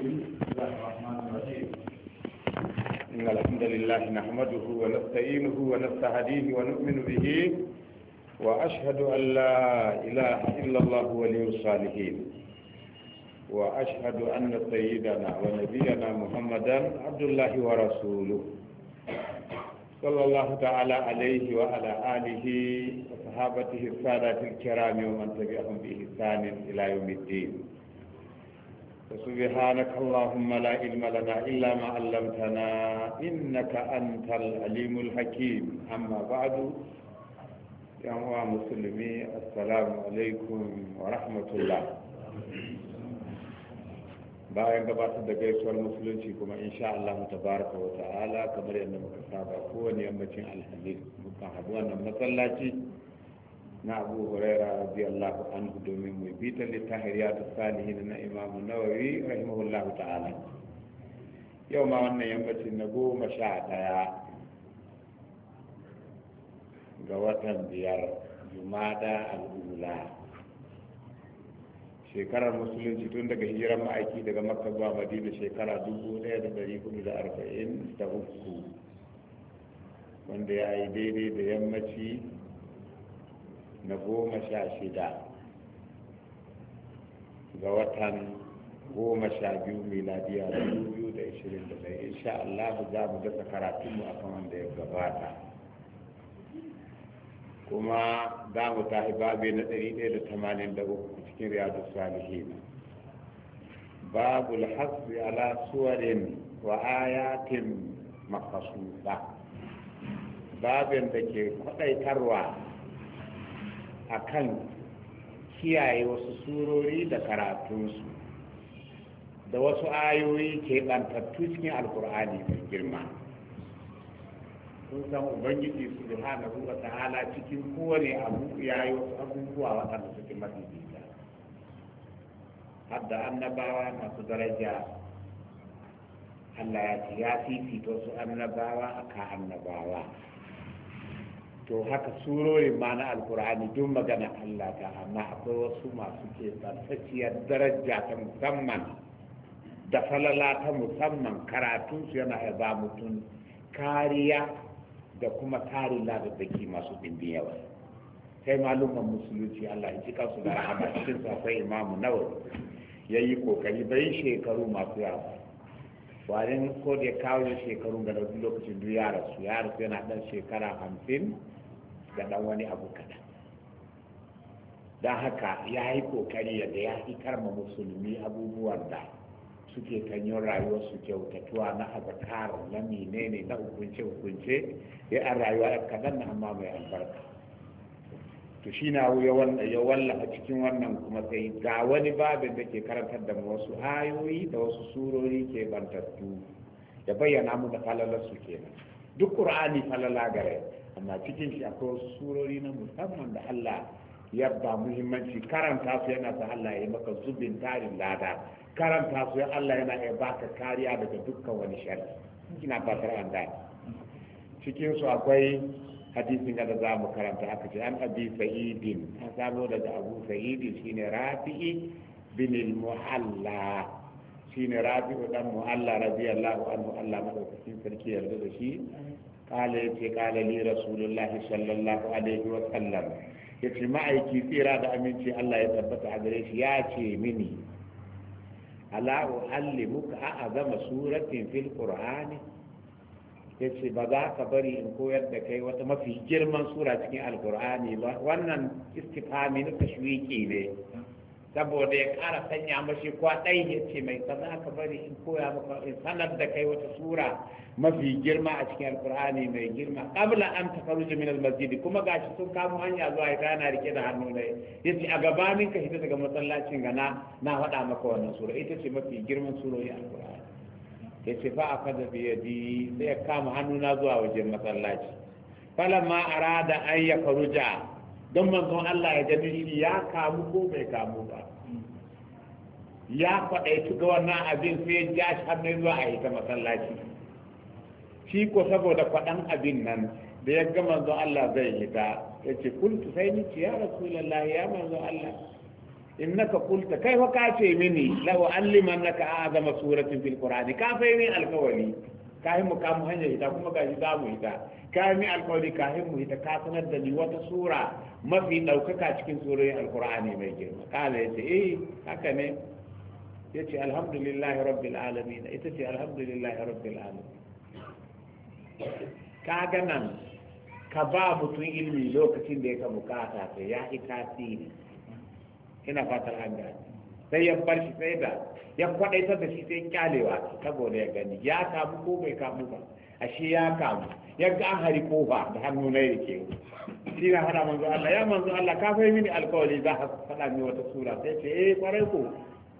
إن الحمد لله نحمده ونستعينه ونستهديه ونؤمن به وأشهد أن لا إله إلا الله ولي الصالحين وأشهد أن سيدنا ونبينا محمدا عبد الله ورسوله صلى الله تعالى عليه وعلى آله وصحابته السادات الكرام ومن تبعهم بإحسان إلى يوم الدين سبحانك اللهم لا علم لنا إلا ما علمتنا إنك أنت العليم الحكيم أما بعد يا مسلمي السلام عليكم ورحمة الله bayan gabatar da gaisuwar musulunci kuma insha Allah tabaraka wa ta'ala kamar yadda muka saba kowane yammacin alhamis muka haɗu wannan masallaci na abu huraira radiyallahu anhu domin mai bitan ta salihin na imamu nawawi rahimahullahu ta'ala yau ma wannan yammacin na goma sha daya ga watan biyar jumada al'ula shekarar musulunci tun daga hijiran ma'aiki daga makka zuwa madina shekara 1443 wanda ya yi daidai da yammaci na goma sha shida ga watan goma sha biyu miladiya da biyu da ishirin da bai insha Allah za mu dasa karatunmu a kan wanda ya gabata kuma za mu tafi babi na ɗari ɗaya da tamanin da uku cikin riyadu salihin babu alhasbi ala suwarin wa ayatin makasusa babin da ke kwaɗaitarwa akan kiyaye wasu surori da karatunsu da wasu ayoyi ke ɓantattu cikin alkur'ani mai girma sun san ubangiji su subhanahu ta hala cikin kowane abu ya yi wasu abubuwa waɗanda suke mafi jita hadda annabawa masu daraja Allah ya ce ya fifito su annabawa aka annabawa to haka surorin ma na alkur'ani duk magana Allah ta amma akwai wasu masu ke tsarkakiyar daraja ta musamman da falala ta musamman karatunsu yana ba mutum kariya da kuma tari ladabbaki masu ɗimbin yawa sai malumman musulunci Allah ya ji kansu da rahama cikin safai imamu nawawi ya yi kokari bai shekaru masu yawa warin ko da ya kawo shekaru ga lokacin duk yara su ya rasu yana ɗan shekara hamsin ga ɗan wani abu kaɗan don haka ya yi ƙoƙari yadda ya fi karma musulmi abubuwan da suke kanyon rayuwarsu kyautatuwa na azakar na ne na hukunce hukunce ya an rayuwa ya kaɗan na amma mai albarka to shi na ya wallafa cikin wannan kuma sai ga wani babin da ke karantar da wasu ayoyi da wasu surori ke bantattu ya bayyana mu da su kenan duk ƙur'ani falala gare amma cikin shi akwai wasu surori na musamman da Allah ya ba muhimmanci karanta su yana sa Allah ya maka zubin tarin lada karanta su ya Allah yana ya baka kariya daga dukkan wani shari ina fatar an da cikin su akwai hadisin da za mu karanta aka ce an abi sa'idin an samo daga abu sa'idi shine rafi'i bin al-muhalla shine rafi'u dan muhalla radiyallahu anhu Allah madaukakin sarki yarda da shi kala yace kala li rasulullahi sallallahu alaihi wa sallam yace ma'aiki tsira da aminci Allah ya tabbata a shi ya ce mini ala uallimuka a'azama suratin fil qur'ani yace ba za ka bari in koyar da kai wata mafi girman sura cikin alkur'ani ba wannan istifhami na tashwiki ne saboda ya kara sanya mashi ɗai ya ce mai kaza ka bari in koya maka in sanar da kai wata sura mafi girma a cikin alkur'ani mai girma kabla an tafaruji min almasjidi kuma gashi sun kamo hanya zuwa ita yana rike da hannu ne yace a gabanin ka hita daga masallacin ga na na faɗa maka wannan sura ita ce mafi girman surori alkur'ani yace fa akaza bi yadi sai ya kama hannu na zuwa wajen masallaci falamma arada an ya don manzon Allah ya gani shi ya kamu ko bai kamu ba ya faɗaitu ga wannan abin sai ya ja shi hannun zuwa a yi ta masallaci shi ko saboda faɗan abin nan da ya ga manzon Allah zai yi ta ya ce kultu sai ni ce ya rasulallah ya manzon Allah kulta kai fa ka ce mini lau alliman naka azama suratin fil qur'ani ka fa ni alkawari kayan mu kamun hanyar ita kuma gashi za mu ita kayan mi alkawari kayan mu ita ka sanar da ni wata sura mafi ɗaukaka cikin surorin alkur'ani mai girma kala ya ce eh haka ne ya ce alhamdulillah rabbil alamin ita ce alhamdulillah rabbil alamin ka ga nan ka ba mutum ilmi lokacin da ya ka bukata sai ya yi tasiri ina fatar an gani sai ya bar shi sai da ya kwadaitar da shi sai kyalewa saboda ya gani ya kamu ko bai kamu ba ashe ya kamu ya ga an hari kofa da hannu na yake shi na hada manzo Allah ya manzo Allah ka fahimi mini alkawari za ka faɗa min wata sura sai ce eh kwarai ko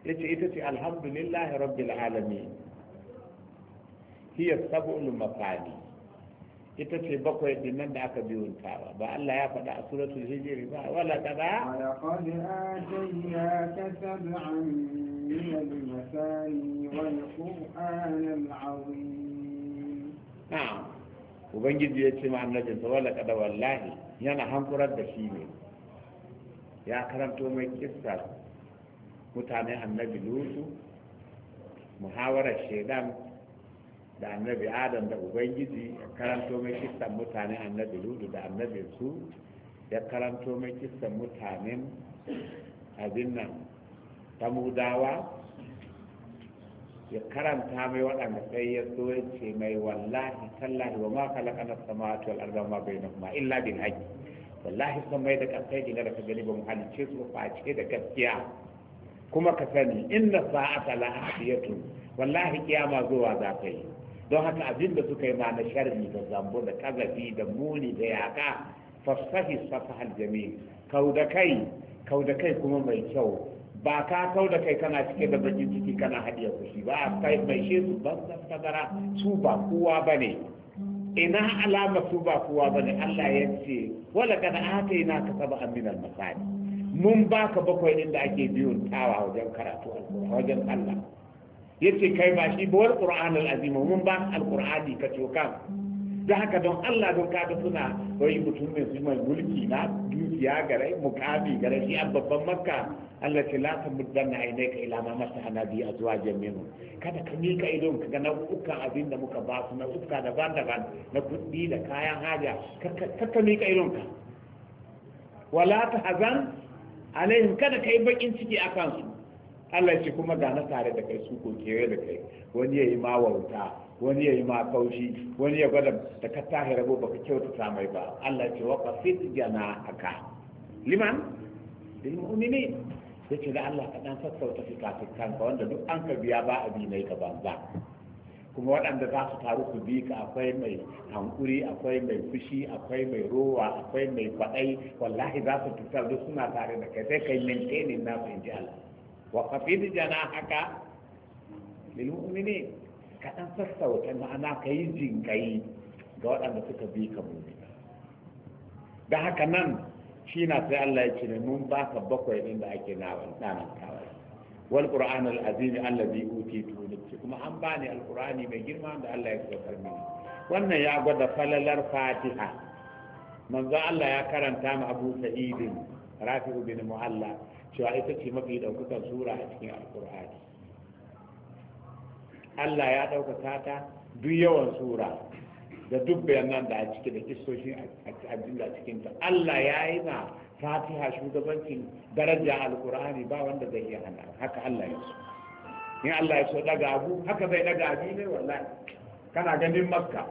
ce ita ce alhamdulillahi rabbil alamin hiya sab'ul mafani ita ce bakwai dinnan da aka biyo ta ba Allah ya faɗa a suratul hijri ba wala ta ba laqad ataynaka sab'an min al-masani wal qur'an al-azim na'am ubangiji ya ce ma annabin sa wala kada wallahi yana hankurar da shi ne ya karanto mai kissa mutane annabi lutu muhawarar shaidan da annabi adam da ubangiji ya karanto mai kistan mutane annabi ludu da annabi su ya karanto mai kistan mutanen abin nan Ta Mudawa ya karanta mai waɗanda sai ya so ya ce mai wallahi tallahi wa ma khalaqa as-samawati wal arda ma ma illa bin haƙi wallahi sun mai da ƙasai gina da ka gani ba mu halicce su face da gaskiya kuma ka sani inna sa'ata la hadiyatu wallahi kiyama zuwa za ta yi don haka abin da suka yi ma na sharri da zambo da kazafi da muni da yaka fasahi safahal jami kau da kai kau da kai kuma mai kyau ba ka kau da kai kana cike da bakin ciki kana hadiya kushi ba kai mai she su ban sadara su ba kowa ne. ina alama su ba kowa ne. Allah ya ce wala yi ataina ka saba min masali mun baka bakwai inda ake biyun tawa wajen karatu wajen Allah yace kai ba shi ba wal al'azim al azim mun ba al qur'ani ka coka da haka don Allah don kaga suna wai mutum ne su mai mulki na dukiya gare mukami gare shi a babban makka Allah ce la tamuddanna aynaka ila ma masahana a azwajin minhum kada ka mika idon ka ga nau'ukan abin da muka ba su nau'uka daban-daban na kuɗi da kayan haja ka mika idon ka wala ta hazan alaihim kada ka yi bakin ciki a kansu Allah ce kuma ga na tare da kai su ko kewaye da kai wani ya yi ma wauta wani ya yi ma kaushi wani ya gwada da ka tahi rabo baka kyautata mai ba Allah ce wa qasid jana aka liman lil mu'minin yace da Allah ka dan sassauta fikafikan ka wanda duk an ka biya ba abi ne ka banza kuma waɗanda za su taru su bi ka akwai mai hankuri akwai mai fushi akwai mai rowa akwai mai kwaɗai wallahi za su fitar duk suna tare da kai sai kai maintainin na in Allah وخفض جناحك للمؤمنين كأن تستوت أن أنا ga waɗanda suka bi ka مؤمنين da haka nan shi na sai Allah ya ce ne mun ba ka bakwai din da ake nawan wal qur'an al azim allazi utitu liki kuma an bani al mai girma da Allah ya saukar mini wannan ya gwada falalar fatiha manzo Allah ya karanta ma Abu Sa'id Rafi'u bin Mu'alla cewa ita ce mafi ɗaukaka sura a cikin alkur'ani Allah ya ɗaukaka ta duk yawan sura da duk bayanan da a ciki da kistoshin a cikin Allah ya yi na fatiha shugabancin daraja alkur'ani ba wanda zai iya hana haka Allah ya so in Allah ya so daga abu haka zai daga abu ne wallahi kana ganin makka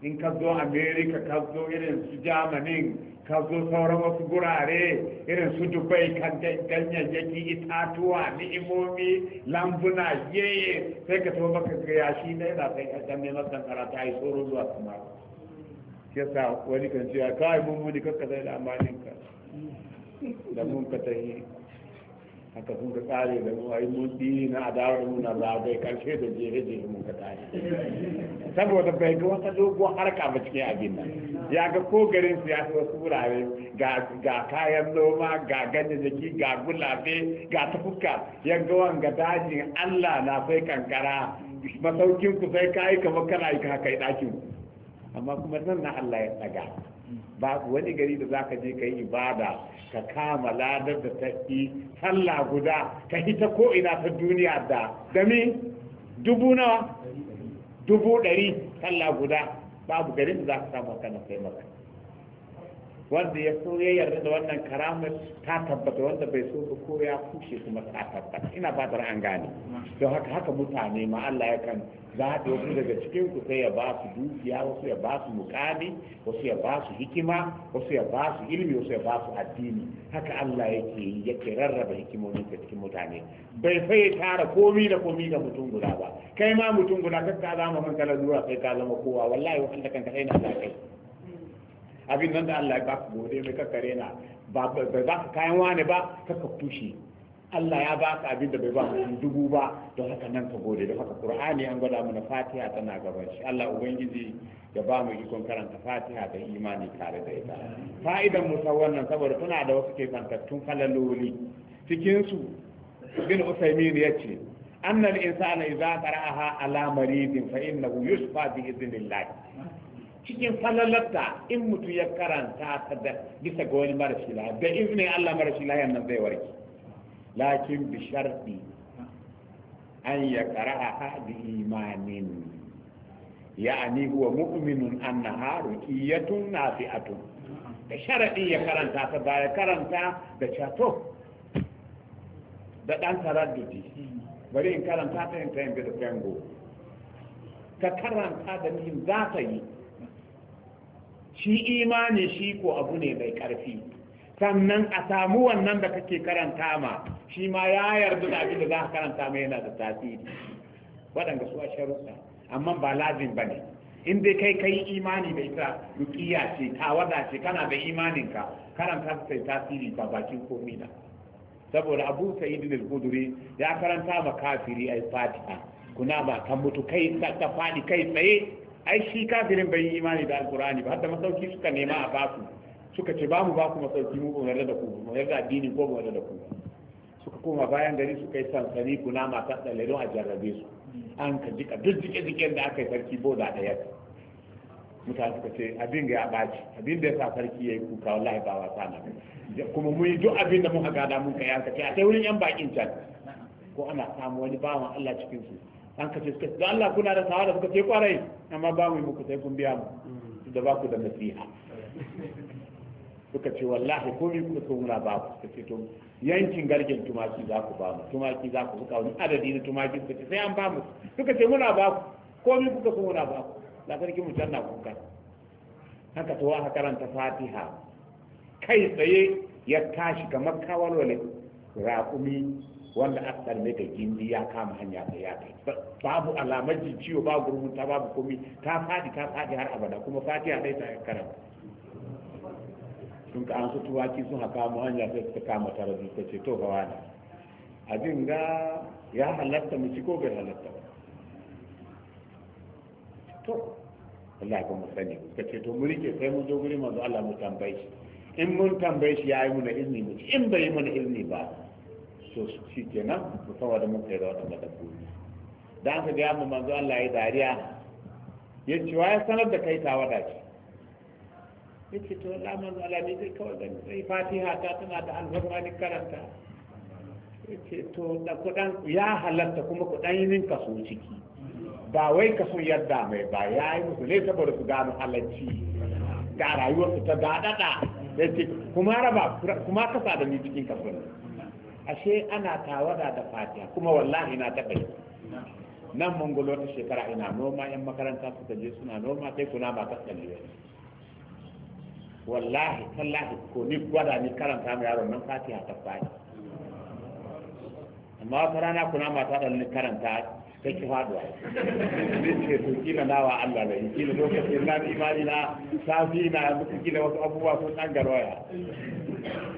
in ka zo america ka zo irin su Jamanin. ka zo sauran wasu gurare irin su dubai kan ganyayyaki itatuwa ni'imomi lambuna yeye sai ka tafi maka gaya shi na yana sai ɗan danne masa karata yi tsoro zuwa sama yasa wani kan ce kawai mun kakka zai da amalinka da mun ka ta yi. haka sun ka tsare da mu ai mun dini na adawar mu na bai karshe da jefe jefe mun ka tsare saboda bai ga wata dogon harka ba cikin abin nan ya ga ko garin su ya wasu wurare ga kayan noma ga ganyayyaki ga gulabe ga tafuka ya ga wanga dajin Allah na sai kankara masaukin ku sai kai kamar kana yi haka ɗakin amma kuma nan na Allah ya tsaga babu wani gari da zaka je ka yi ibada ka kama ladar da ta yi sallah guda ta hita ko ina ta duniya da dami dubu nawa dubu ɗari sallah guda babu gari da zaka samu kana sai maka wanda ya so ya yarda da wannan karamar ta tabbata wanda bai so ba ko ya kushe kuma ta tabbata ina fatar an gane don haka haka mutane ma Allah ya kan za a wasu daga cikin ku sai ya ba su dukiya wasu ya ba su mukami wasu ya ba su hikima wasu ya ba su ilimi wasu ya ba su addini haka Allah yake yi yake rarraba hikimomin ka cikin mutane bai sai ya tara komi da komi da mutum guda ba kai ma mutum guda kar ka zama kanka lalura sai ka zama kowa wallahi wanda kanka sai na Allah kai abin nan da Allah ya ba ku gode mai kakkare na ba ba kayan wani ba ka kushe Allah ya baka abin da bai ba mutum dubu ba don haka nan ka gode don haka Qur'ani an gwada mana Fatiha tana gaban shi Allah ubangiji ya ba mu ikon karanta Fatiha da imani tare da ita fa'idan mu wannan saboda tana da wasu ke fantattun falaloli cikin su bin Usaymin yace anna al-insana idza qara'aha ala maridin fa innahu yusfa bi idnillah cikin falalarta in mutum ya karanta ta da bisa ga wani marashi da izinin Allah marashi lahiyan nan zai warke lakin bi sharti an ya qara'a bi imanin ya'ani huwa mu'minun annaha ruqiyatun nafi'atun da sharadi ya karanta ta ba ya karanta da chato da ɗan taraddudi bari in karanta ta yin tayin da tango ka karanta da ni za ta yi shi imani shi ko abu ne mai ƙarfi. sannan a samu wannan da kake karanta ma shi ma ya yarda da abin da za ka karanta mai yana da tasiri waɗanda su a sharuɗa amma ba lazim ba ne in dai kai kai imani da ita rukiya ce wada ce kana da imaninka karanta ta tasiri ba bakin komi na saboda abu sa'idin al-kuduri ya karanta ma kafiri ai fatiha kuna ba kan mutu kai ta fadi kai tsaye ai shi kafirin bai yi imani da alkurani ba hatta masauki suka nema a basu suka ce ba mu ba ku masauki mu ba yarda da ku ba yarda addini ko ba yarda da ku ba suka koma bayan gari suka yi sansani kuna masu ɗalilin a jarrabe su an ka jika duk jike-jiken da aka yi sarki da ɗaya mutane suka ce abin ga ya ɓaci abin da ya sa sarki ya yi kuka wallahi ba wasa na kuma mu yi duk abin da muka gada mun kai yanka ce a sai wurin yan bakin can ko ana samu wani bawan Allah cikin su an ka ce suka ce Allah kuna da da suka ce kwarai amma ba mu yi muku sai kun biya mu da ba ku da nasiha suka ce wallahi komai kuka so muna ba ku suka ce to yankin garken tumaki za ku ba mu tumaki za ku buka wani adadi na tumaki suka ce sai an ba mu suka ce muna ba ku komai kuka so muna ba ku da sarki mu canna kuka haka to aka karanta fatiha kai tsaye ya tashi kamar wale raƙumi wanda aka sarme da gindi ya kama hanya ta ya kai babu alamar ciwo babu rubuta babu komi ta fadi ta fadi har abada kuma fatiha dai ta karanta sun ka an su tuwaki sun haka mu hanya sai suka kama tara ta ce to ga wani abin ga ya halatta mu ci ko bai halatta ba to Allah ya mu sani suka ce to mu rike sai mu zo guri manzo Allah mu tambaye shi in mun tambaye shi yayi muna izini mu ci in bai muna izini ba so shi kenan mu kawo da mun kai da wannan dabbobi dan ka ga mu manzo Allah ya dariya yace wa ya sanar da kai ta wada ki. ya to Allah manzo Allah ne zai kawai zan sai fatiha ta tana da alfarma ni karanta ya to da kudan ya halatta kuma kudan yi min kaso ciki ba wai kaso yadda mai ba ya yi musu ne saboda su gano halacci ga rayuwarsu ta daɗaɗa ya ce kuma raba kuma kasa da ni cikin kaso ashe ana tawada da fatiha kuma wallahi na taɓa yi nan gulo ta shekara ina noma yan makaranta suka je suna noma sai kuna ba ta tsalle wallahi tallahi ko ni gwada ni karanta mu yaron nan fatiha ta fadi amma wata rana kuna mata da ni karanta ta ki faduwa ni ce to kila nawa Allah da kila lokacin na imani na safi na muka kila wasu abubuwa sun dan garoya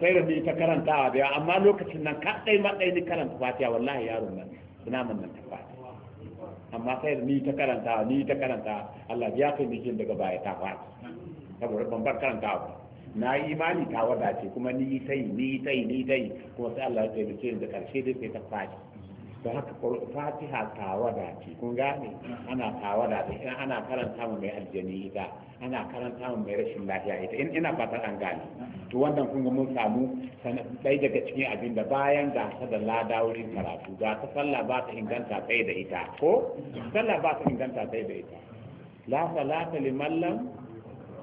sai da ni ta karantawa da amma lokacin nan kadai madai ni karanta fatiha wallahi yaron nan ina mun nan ta fadi amma sai da ni ta karantawa ni ta karanta Allah ya kai ni daga baya ta fadi saboda ban bar karanta ba na yi imani ta wadace kuma ni yi tayi ni yi tayi ni tayi kuma sai Allah ya ce ni da karshe dai sai ta faɗi don haka fatiha ta wadace kun gane ana ta wadace in ana karanta mu mai aljani ita ana karanta mu mai rashin lafiya ita in ina fatan an gane to wannan kun ga mun samu dai daga cikin abin da bayan gasa da lada wurin karatu ga ta sallah ba ta inganta sai da ita ko sallah ba ta inganta sai da ita la salata liman lam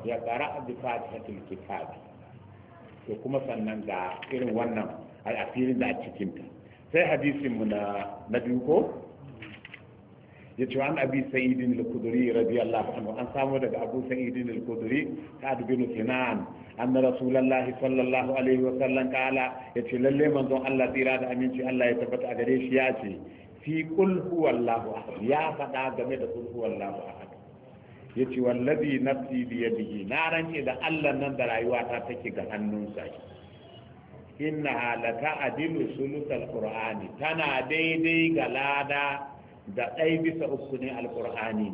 ya qara bi fatihatil kitab to kuma sannan ga irin wannan a al'asirin da a cikin ta sai hadisin mu na na biyu ko yace an abi sa'idin al-khudri radiyallahu anhu an samu daga abu sa'idin al-khudri ta bin sinan anna rasulullahi sallallahu alaihi wa sallam kala yace lalle manzon Allah tsira da aminci Allah ya tabbata a gare shi ya yace fi qul huwallahu ahad ya faɗa game da qul huwallahu ahad ya ce wallazi ya biyadihi na rance da Allah nan da rayuwa ta take ga hannunsa innaha la ta'dilu sulutal qur'ani tana daidai ga lada da ɗai bisa uku ne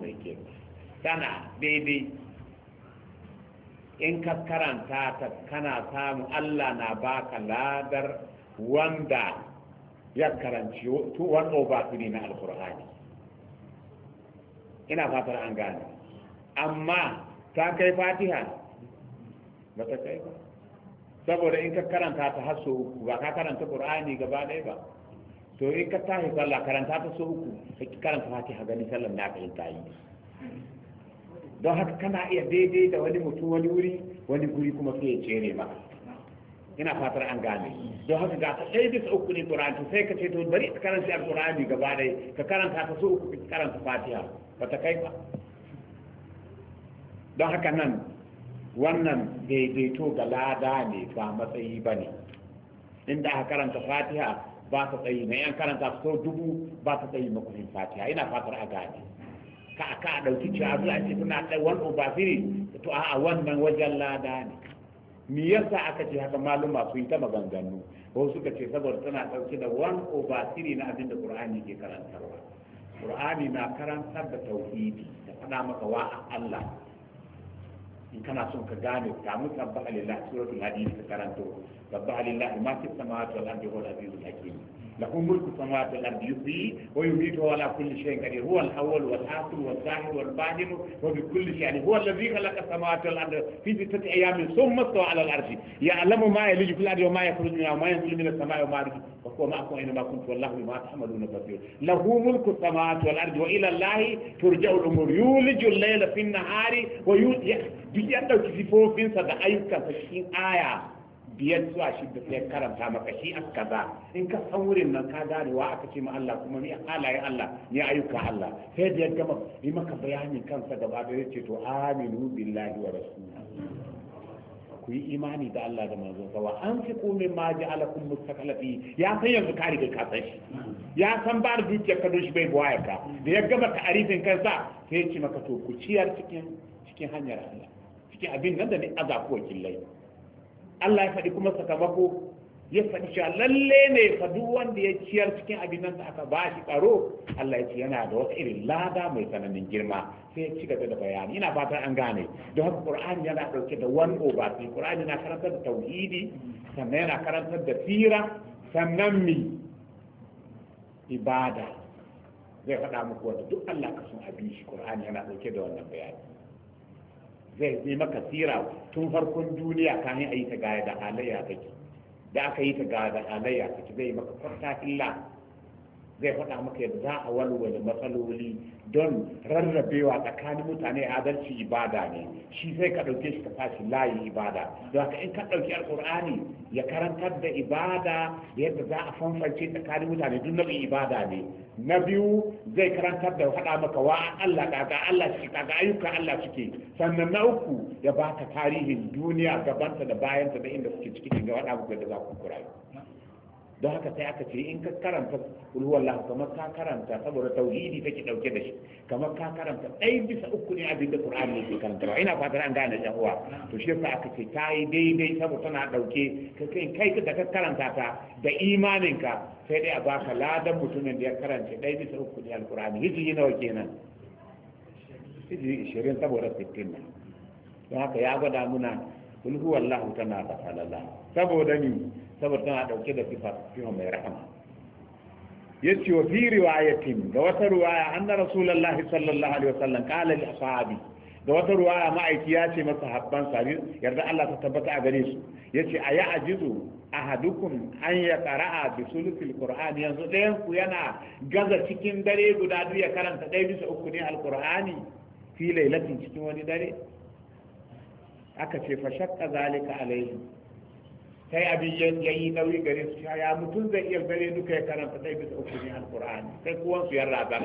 mai girma tana daidai in ka karanta ta kana samu Allah na baka ladar wanda ya karanci one over na alkur'ani ina fatar an gane amma ta kai fatiha ba ta kai ba saboda in ka karanta ta haso uku ba ka karanta qur'ani gaba ɗaya ba to in ka tashi sallah karanta ta so uku ka karanta fatiha gani sallar na kai ta yi don haka kana iya daidai da wani mutum wani wuri wani guri kuma sai ya cere ba ina fatar an gane don haka ga ta sai bisa uku ne qur'ani to sai ka ce to bari ka karanta alqur'ani gaba ɗaya ka karanta ta so uku ka karanta fatiha ba ta kai ba don haka nan wannan daidaito ga lada ne ba matsayi ba ne inda aka karanta fatiha ba ta tsayi na yan karanta so dubu ba ta tsayi makusin fatiha ina fatar a gane ka a ka ɗauki cewa zuwa ce suna ɗai wani obafiri to a wannan wajen lada ne me yasa aka ce haka maluma sun yi ta maganganu ko suka ce saboda tana ɗauke da wani over na abinda ƙur'ani qur'ani ke karantarwa qur'ani na karantar da tauhidi da faɗa maka wa Allah in kana son ka gane ka mu suratu alillah suratul hadid ka karanto tabba alillah ma fi samawati wal ardi wa rabbil hakim lahum mulku samawati wal ardi yuhyi wa yumitu wa la kulli shay'in qadir huwa al awwal wal akhir wal zahir wal badin wa bi kulli shay'in huwa alladhi khalaqa samawati wal ardi fi sittati ayamin thumma istawa ala al ardi ya'lamu ma yaliju fil ardi wa ma yakhruju minha wa ma yanzilu minas samai wa ma yaruju ومعكم أينما كنت والله بما تعملون بصير له ملك السماوات والأرض وإلى الله ترجع الأمور يولج الليل في النهار ويولج بيدك في فوفين صدق أيوكا في آية biyar zuwa shidda sai karanta maka shi a kaza in ka san wurin nan ka wa aka ce ma Allah kuma ni halaye Allah ni ayyuka Allah sai da ya gama yi maka bayanin kansa gaba da ya ce to aminu billahi wa rasuluhu ku yi imani da Allah da manzon sa an fi kome ma ji alakun mustaqalafi ya san yanzu ka riga ka shi ya san ba da dukiyar ka shi bai buwaya ka da ya gama ka arifin kansa sai ci maka to ku ciyar cikin cikin hanyar Allah cikin abin nan da ni aza ko wakilai Allah ya faɗi kuma sakamako ya faɗi cewa lalle ne fa duk wanda ya ciyar cikin abin nan da aka ba shi tsaro Allah ya ce yana da wata irin lada mai tsananin girma sai ya ci gaba da bayani ina fatan an gane don haka Qur'ani yana ɗauke da one over three Qur'ani yana karantar da tauhidi sannan yana karantar da sira sannan mi ibada zai faɗa muku wanda duk Allah ka sun abin shi Qur'ani yana ɗauke da wannan bayani zai yi maka sira tun farkon duniya kamin a yi ta gaya da halayya take da aka yi ta ga ga halayya ta ci zai maka kwarta illa zai faɗa maka yadda za a walwale matsaloli don rarrabewa tsakanin mutane adalci ibada ne shi sai ka ɗauke shi ka tashi layi ibada don haka in ka ɗauki alƙur'ani ya karantar da ibada yadda za a fanfance tsakanin mutane duk nau'in ibada ne na biyu zai karantar da faɗa maka wa Allah kaga Allah shi kaga ayyuka Allah suke sannan na uku ya baka tarihin duniya gabanta da bayanta da inda suke ciki ga faɗa maka da za ku don haka sai aka ce in ka karanta ulhuwallah kamar ka karanta saboda tauhidi take dauke da shi kamar ka karanta ɗaya bisa uku ne abin da qur'ani ke karanta ina fatan an gane jan uwa to shi yasa aka ce ta yi daidai saboda tana dauke kai kai da ka karanta ta da imaninka sai dai a baka ladan mutumin da ya karanta ɗaya bisa uku ne alqur'ani hijiri nawa kenan hijiri ishirin saboda sittin ne don haka ya gwada muna ulhuwallah tana da falala saboda ni saboda tana dauke da sifar sifa mai rahama yace wa fi riwayatin da wata riwaya anna rasulullahi sallallahu alaihi wasallam qala li ashabi da wata ruwaya ma'aiki ya ce masa habban sabi yarda Allah ta tabbata a gare su ya ce a ahadukum an ya qara'a bi sulusil qur'an yanzu ɗayan ku yana gaza cikin dare guda biyu ya karanta dai bisa uku ne alqur'ani fi lailatin cikin wani dare aka ce fa shakka zalika alaihi kai abin ya yi nauyi gare su ya mutum zai iya gare duka ya karanta ɗai bisa uku ne alƙur'ani sai kowansu ya razar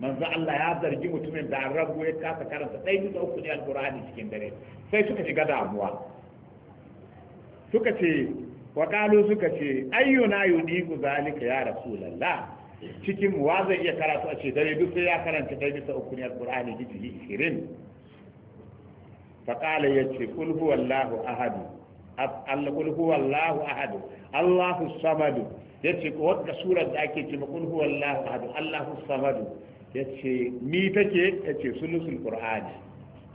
manzo Allah ya zargi mutumin da rabu ya kasa karanta ɗai bisa uku ne alƙur'ani cikin dare sai suka shiga damuwa suka ce waƙalu suka ce ayyuna yudiku zalika ya rasulullah cikin wa zai iya karatu a ce dare duk sai ya karanta ɗai bisa uku ne alƙur'ani jijiji ishirin fa ya ce kul huwallahu ahadu al-qul huwallahu Ahadu. Allahu samad yace wadda surar da ake ce qul huwallahu Ahadu. Allahu samad yace ni take yace sulusul qur'ani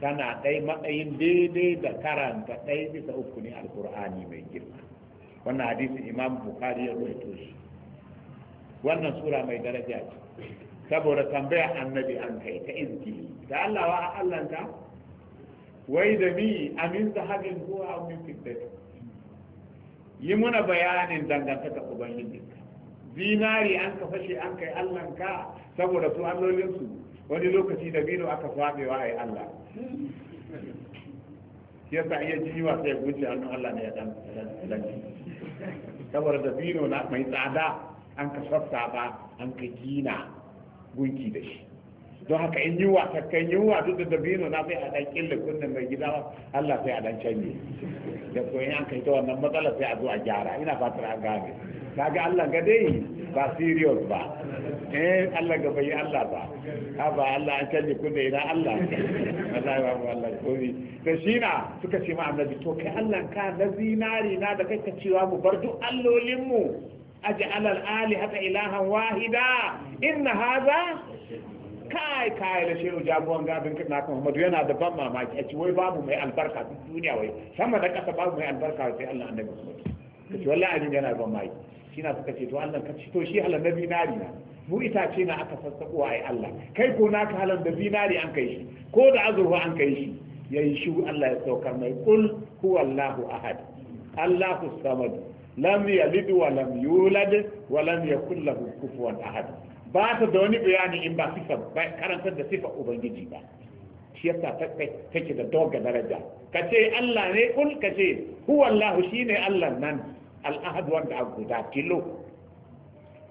tana dai matsayin daidai da karanta dai bisa uku ne al-qur'ani mai girma wannan hadisi imam bukhari ya rawaito shi wannan sura mai daraja ce saboda tambaya annabi an kai ta izki da Allah wa Allah ta wai da mi amin zahabin zuwa amin fiddati yi muna bayanin dangantaka ubangijinka zinari an ka fashe an kai allanka saboda su allolinsu wani lokaci da bino aka faɗewa a yi allah yasa iya jiwa sai guce hannun allah ne ya dan saboda da bino na mai tsada an ka sassa ba an ka gina gunki da shi don haka in yiwa ta kan yiwa duk da dabino na sai a dan kille kunnen mai gida Allah sai a dan canje da ko in an kai ta wannan matsala sai a zo a gyara ina fatar an gane kaga Allah ga dai ba serious ba eh Allah ga bai Allah ba ha ba Allah an canje kunne ina Allah wallahi ba Allah ko ni da shi na suka ce ma annabi to kai Allah ka na zinari na da kai ka cewa mu bar duk allolin mu aj'al al-alihata ilahan wahida inna hadha kai kai da shehu jagoran gadon na kan Muhammadu yana da ban mamaki a ce wai babu mai albarka duk duniya wai sama da kasa babu mai albarka sai Allah annabi Muhammadu kace wallahi abin yana ban mamaki shi na suka ce to Allah ka ci to shi Allah na zinari na mu itace na aka sassako ai Allah kai ko naka halar da zinari an kai shi ko da azurfa an kai shi Ya yi shi Allah ya saukar mai kul huwallahu ahad Allahu samad lam yalid wa lam yulad wa lam yakul lahu kufuwan ahad ba ta da wani bayani in ba sifa ba karantar da sifa ubangiji ba shi yasa take da doga daraja ka ce Allah ne kul ka ce huwa Allah shine Allah nan al-ahad wanda aka guda kilo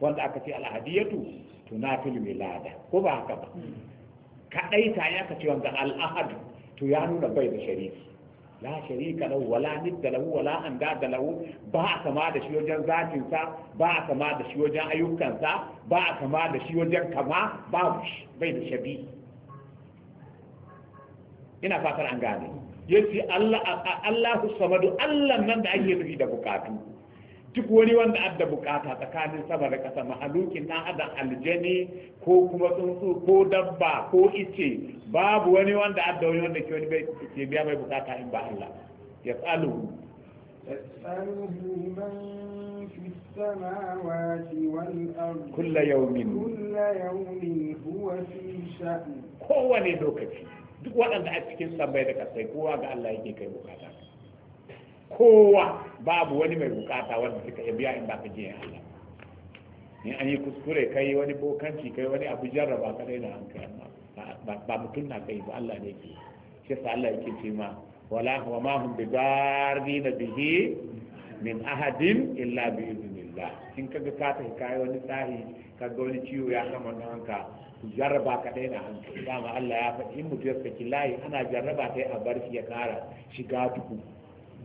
wanda aka ce al-ahadiyatu tunatul wilada ko ba haka ba Ka ta ya ka ce wanda al-ahad to ya nuna bai da sharifi la sharika lahu wala nidda lahu wala anda lahu ba a kama da shi wajen zatin sa ba a kama da shi wajen ayyukan sa ba a kama da shi wajen kama ba bai da shabi ina fatar an gane yace Allah Allahu samadu Allah nan da ake nufi da bukatu duk wani wanda da bukata tsakanin sama da kasa mahalukin na hada aljani ko kuma tsuntsu ko dabba ko ice babu wani wanda da wani wanda ke wani ke biya mai bukata in ba Allah ya tsalu kulla yaumin kulla yaumin huwa fi Kowa kowane lokaci duk waɗanda a cikin sabai da kasai kowa ga Allah yake kai bukata kowa babu wani mai bukata wanda suka yi biya in ba ka jiya Allah in an yi kuskure kai wani bokanci kai wani abu jarraba ka daina hankali ba mutum na kai ba Allah ne ke shi yasa Allah yake ce ma wala wa ma hum bidarrina bihi min ahadin illa bi idnillah in kaga ka ta kai wani tsahi kaga wani ciwo ya kama nanka jarraba ka daina hankali dama Allah ya faɗi in mutum ya saki layi ana jarraba ta a barki shi ya kara shiga duku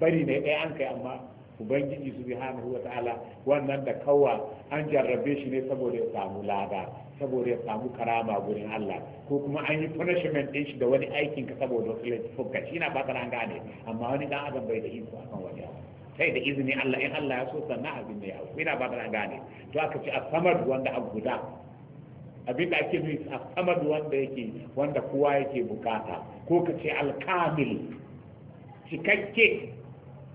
bari ne ɗaya an kai amma ubangiji subhanahu wa ta'ala wannan da kawa an jarrabe shi ne saboda ya samu lada saboda ya samu karama gurin Allah ko kuma an yi punishment din shi da wani aikin ka saboda wasu fuka shi na ba an gane amma wani dan adam bai da iko akan wani sai da izini Allah in Allah ya so sannan abin ne ya ina ba an gane to aka ce samar wanda a guda abin da ake nufi samar wanda yake wanda kowa yake bukata ko ka ce alkamil cikakke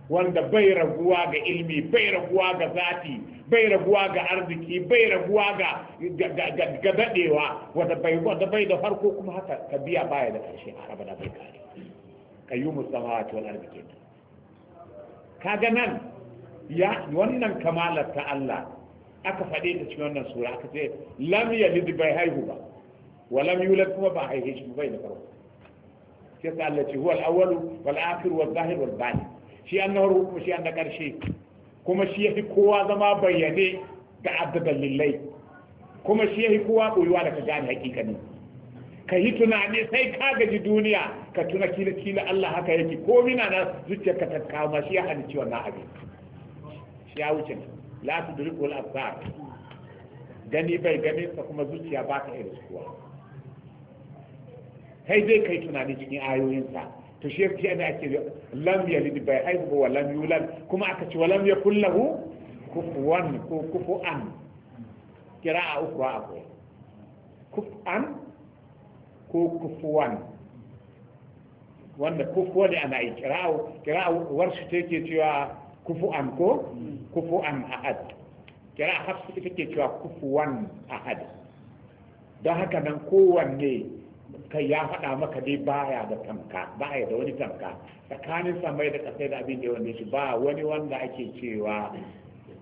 wanda bai raguwa ga ilmi bai raguwa ga zati bai raguwa ga arziki bai raguwa ga ga dadewa wanda bai wanda bai da farko kuma haka tabiya baya da karshe har abada bai kare kayyumu samawati wal ardi kenan kaga nan ya wannan kamalar ta Allah aka faɗe ta cikin wannan sura aka ce lam yalid bai haihu ba wa lam yulad kuma ba haihe shi bai da farko sai Allah ce huwal awwalu wal akhir wal zahir wal batin shi an na farko kuma shi an na ƙarshe kuma shi ya fi kowa zama bayyane ga abdadan lillai kuma shi ya fi kowa ɓoyuwa da ka gane hakikani ka yi tunani sai ka gaji duniya ka tuna kila kila Allah haka yake ko mina na zuciyar ka ma shi ya halicci wannan abin shi ya wuce la tudriku al absar gani bai gani sa kuma zuciya ba ta irin kuwa sai dai kai tunani cikin ayoyinsa to shi yake da ake lam yalid bai haihu ba lam yulad kuma aka wa lam yakul lahu kufuwan ko kufuan kira'a ukra akwai kufan ko kufuwan wanda kufuwa ne ana yi kira'a war shi take cewa kufuan ko kufuan ahad kira'a hafsu take cewa kufuwan ahad don haka nan kowanne kai ya faɗa maka dai baya da tamka baya da wani tamka tsakanin samai da kasai da abin da wanda shi ba wani wanda ake cewa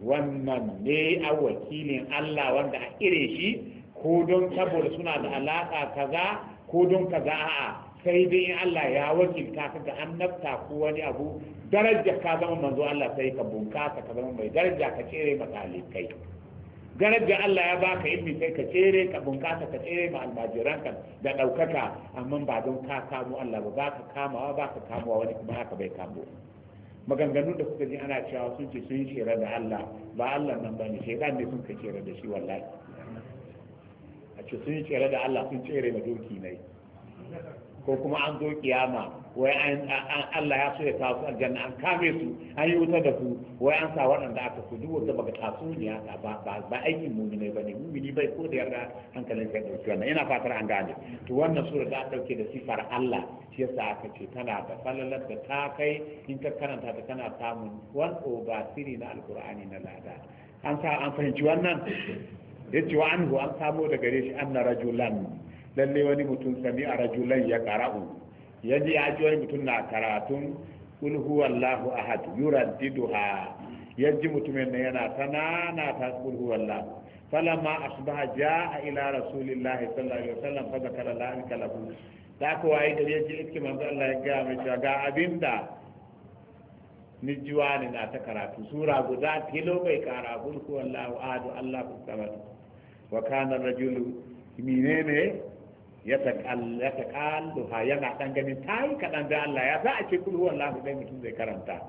wannan ne a wakilin Allah wanda a ire shi ko don saboda suna da alaƙa kaza ko don kaza a'a sai dai in Allah ya wakilta ka ga annabta ko wani abu daraja ka zama manzo Allah sai ka bunkasa ka zama mai daraja ka cire matalikai garar da Allah ya baka ilmi sai ka tsere ka bunkasa ka tsere ma ka da ɗaukaka amma ba don ka kamo Allah ba ba ka kamawa ba ka kamowa wani kuma haka bai kamo maganganun da kuka ji ana cewa sun ce sun shera da Allah ba Allah nan bane ne shaitan ne sun ka shera da shi wallahi a ce sun shera da Allah sun tsere da doki ne ko kuma an zo kiyama wai an Allah ya so ya kawo su aljanna an kame su an yi wuta da su wai an sa waɗanda aka su duk wanda baka taso ne ya ba ba aikin mumini bane mumini bai ko da yarda hankalin ka dauki wannan ina fatar an gane to wannan sura ta dauke da sifar Allah shi yasa aka ce tana da falalar da ta kai in ka karanta ta kana samun wan oba siri na alqur'ani na lada an sa an fahimci wannan yace wa anhu an samo da gare shi anna rajulan lalle wani mutum sami a rajulan ya ƙara'u. yaji ya ji wani mutum na karatun kul Wallahu ahad diduha. yaji mutumin mutum yana tanana ta kul wallahu falamma asbaha ja'a ila rasulillahi sallallahu alaihi wasallam fa zakara فذكر lahu da ko واي da yaji iske manzo Allah ya ga mai ga abinda ni juwani na ta karatu sura guda kilo bai kara kulku wallahu ahadu Allahu samad wa kana rajulu menene ya taƙalluha yana ɗan ganin ta yi kaɗan da Allah ya za a ce kulhu Allah ɗaya mutum zai karanta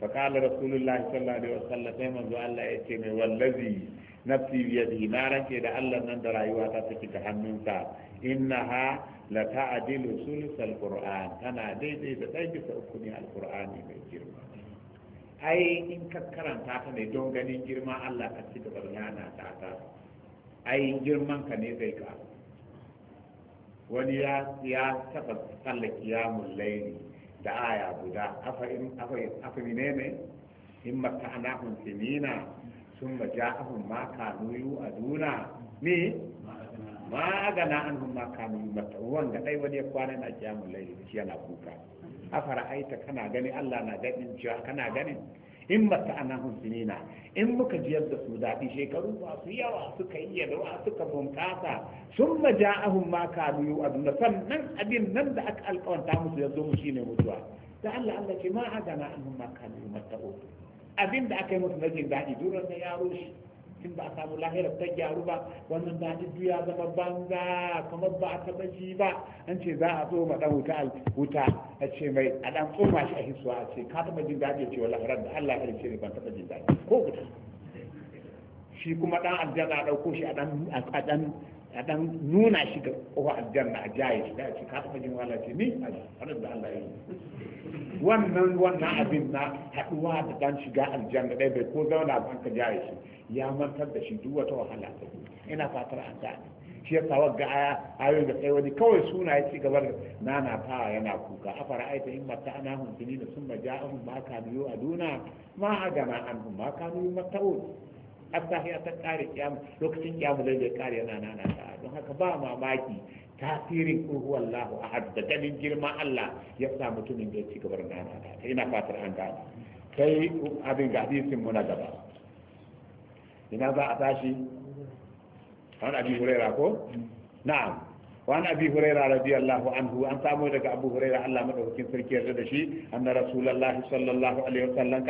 faƙalar rasulullahi sallallahu alaihi wasallam sai manzo Allah ya ce mai wallazi nafsi biyadihi na ranke da Allah nan da rayuwa ta take ga hannunsa innaha la ta'dilu sulusal qur'an tana daidai da ɗaya bisa uku ne alqur'ani mai girma ai in ka karanta ta ne don ganin girma Allah ka ci gaba da ta ai girman ka ne zai ka wani ya taba tsalla kiyamun laili da aya guda afa ne ne in mata hun sinina sun ahun ma kanu a duna ne ma gana an hun ma kanu yi mata wanda ɗai wani ya kwana na kiyamun laili shi yana kuka afara aita kana gani allah na gani cewa kana gani in mata anahun sinina in muka jiyar da su daɗi shekaru masu yawa suka yi yalwa suka bunƙasa sun maja'ahun ma kanu yu aduna sannan abin nan da aka alƙawanta musu yanzu mu shine mutuwa da Allah Allah ce ma agana annun ma kanu yi matta'u abin da aka yi musu na jin daɗi duran da ya rushe tun ba a samu lahirar ta gyaru ba wannan da duk ya zama banza kamar ba a taba shi ba an ce za a zo ma wuta wuta wuta a ce mai a dan tsoma shi a hisuwa a ce ka taba jin daɗi ce lahirar?" ran da Allah ya ce ne ban taba jin daɗi ko wuta shi kuma dan aljanna a dauko shi a dan a nuna shi ga kowa aljanna a jaye shi ce ka taba jin wala ce ni a da Allah ya yi wannan wannan abin na haɗuwa da ɗan shiga aljanna ɗaya bai ko zauna ban ka jaye shi ya mantar da shi duk wata wahala ta ina fatar an gane shi ya kawo ga aya ayoyin da kai wani kawai suna ya ci gabar nana ta yana kuka a fara aita in mata ana hun tuni da sun maja ahun ma ka biyo a duna ma a gana an hun ma ka biyo mata'o hatta ya ta kare kiyam lokacin kiyamu zai zai kare yana nana ta don haka ba mamaki tasirin kurhu wallahu a da girma Allah ya sa mutumin da ya ci gabar nana ta ina fatar an gane Kai abin ga hadisin mu na gaba ina za a tashi wani abi huraira ko na'am وعن ابي هريره رضي الله عنه ان سامو دغ ابو هريره الله مدوكين سركي da shi. ان رسول الله صلى الله عليه وسلم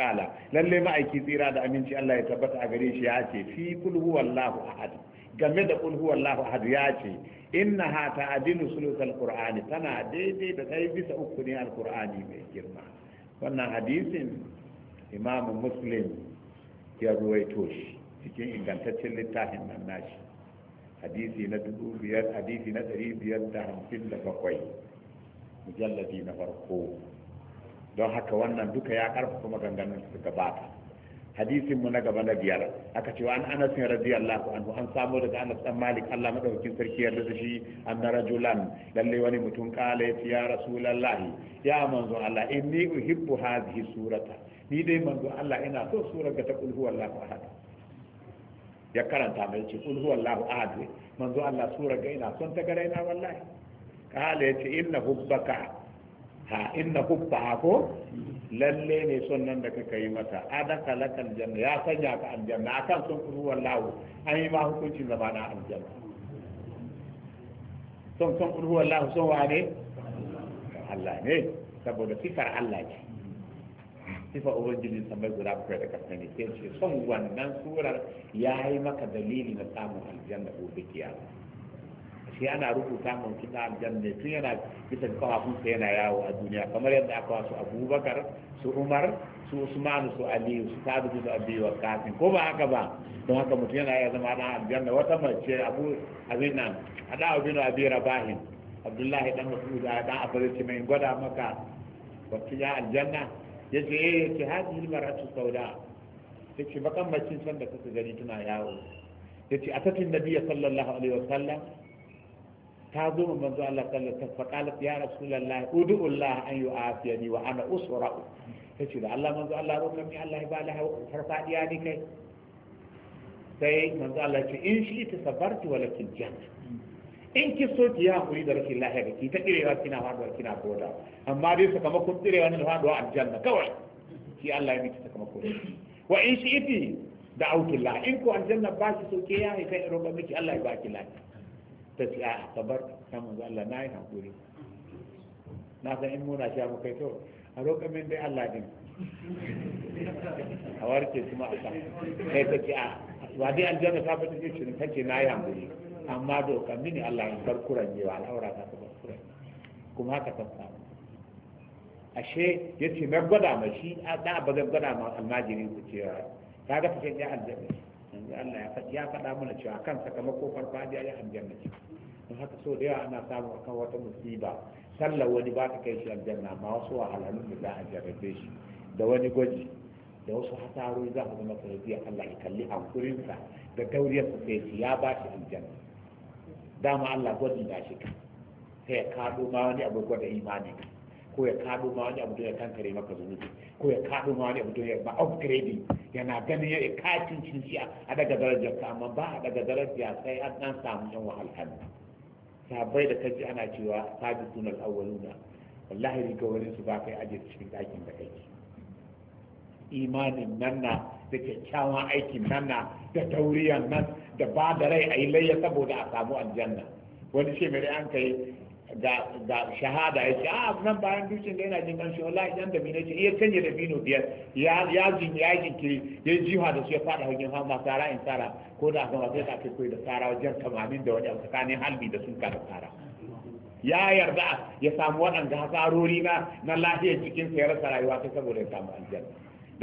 lalle ma'aiki tsira da aminci Allah ya tabbata a gare shi ya ce fi kul huwallahu ahad game da kul huwallahu ahad ya ce innaha ta'dilu sulutul qur'ani tana daidai da kai bisa uku ne alqur'ani mai girma wannan hadisin imam muslim ya ruwaito shi cikin ingantaccen littafin nan nashi hadisi na dubu biyar hadisi na ɗari biyar da hamsin da bakwai mujalladi na farko don haka wannan duka ya karfafa maganganun su gabata hadisin mu na gaba na biyar aka cewa an anas bin radiyallahu anhu an samu daga anas dan malik Allah madaukakin sarki yarda da shi anna rajulan lalle wani mutum kala ya ya rasulullahi ya manzo Allah inni uhibbu hadhihi surata ni dai manzo Allah ina so surar ta kulhu wallahu ahad ya karanta mai ce kul huwallahu ahad manzo Allah sura gaina son ta garaina wallahi kala ce inna hubbaka ha inna hubbaha ko lalle ne son nan da kake yi mata adaka lakal janna ya sanya ka aljanna akan son kul huwallahu an yi ma hukuncin zama na aljanna son son kul huwallahu son wane Allah ne saboda sifar Allah ce sifa ubangijin samai guda bakwai da kasa ne ke ce son wannan surar ya yi maka dalili na samun aljanna gobe kiyama shi ana rubuta mun kina aljanna tun yana bisa kafafunsa yana yawo a duniya kamar yadda aka wasu abubakar su umar su usman su aliyu su sadu su abiyu wa kafin ko ba haka ba don haka mutum yana ya zama dan aljanna wata mace abu Abina, ada abin abi rabahin abdullahi dan mas'ud da dan abarci mai gwada maka wacce ya aljanna ya ce eh ce hadi a? sauda ta ce bakan macin san da kuka gani tana yawo ya ce a tatin nabiya sallallahu alaihi wa sallam ta zo min manzo Allah sallallahu alaihi wasallam ya rasulullahi ud'ullah an yu'afiyani wa ana usra ta ce da Allah manzo Allah roƙa mi Allah ba la farfadiya ni kai sai manzo Allah ya ce in shi ta sabarti walakin janna in ki so ki hakuri da rashin lahiya da ki ta tsirewa kina faduwa kina koda amma dai sakamakon tsirewa ne da a aljanna kawai shi Allah ya miki sakamakon wa in shi iti da autullah in ko aljanna ba shi so ke ya haifa in roƙa miki Allah ya baki lafiya ta ce a kabar ta mu Allah na yi hakuri na san in muna sha muka to a roƙa min dai Allah din a warke kuma a kai ta ce a wa dai aljanna ta fita ce ta ce na yi hakuri amma do kam mini Allah in bar yi wa al'aura ta bar kuranje kuma haka ta samu ashe yace na gwada ma shi da ba zan gwada ma almajiri ku cewa kaga fice ya aljanna yanzu Allah ya faɗi ya faɗa mana cewa kan sakamako farfadiya ya aljanna ce don haka so da yawa ana samu akan wata musiba sallar wani ba ta kai shi aljanna amma wasu wahalhalun da za a jarrabe shi da wani gwaji da wasu hasarori za su zama sanadiyar Allah ya kalli hankurinsa da gauriyarsa sai ya ba shi aljanna dama Allah gwadi na shi ka sai ya kaɗo ma wani abu gwada imani ko ya kaɗo ma wani abu don ya kankare maka zunubi ko ya kaɗo ma wani abu don ya ba upgrading yana ganin ya kacin cinci a daga darajar ka amma ba a daga darajar sai an dan samu yan wahalhalu sabai da kaji ana cewa sabitun sunan awwaluna wallahi riga wurin su ba kai aje cikin ɗakin da kai imanin nan na da kyakkyawan aikin nan na da tauriyan nan da ba da rai a yi layya saboda a samu aljanna wani ce mai an kai ga shahada ya ce a ah, nan bayan dukkan da yana jin kanshi Wala idan da bino ce iya canje da bino biyar ya jin ya jin ki ya ji ha da su ya fada hujin hama ma sara in sara ko da ga wata ta kai da sara wajen tamanin da wani tsakanin halbi da sun kada sara ya yarda ya samu waɗanda hasarori na na lafiyar cikin ya rasa rayuwa ta saboda ya samu aljanna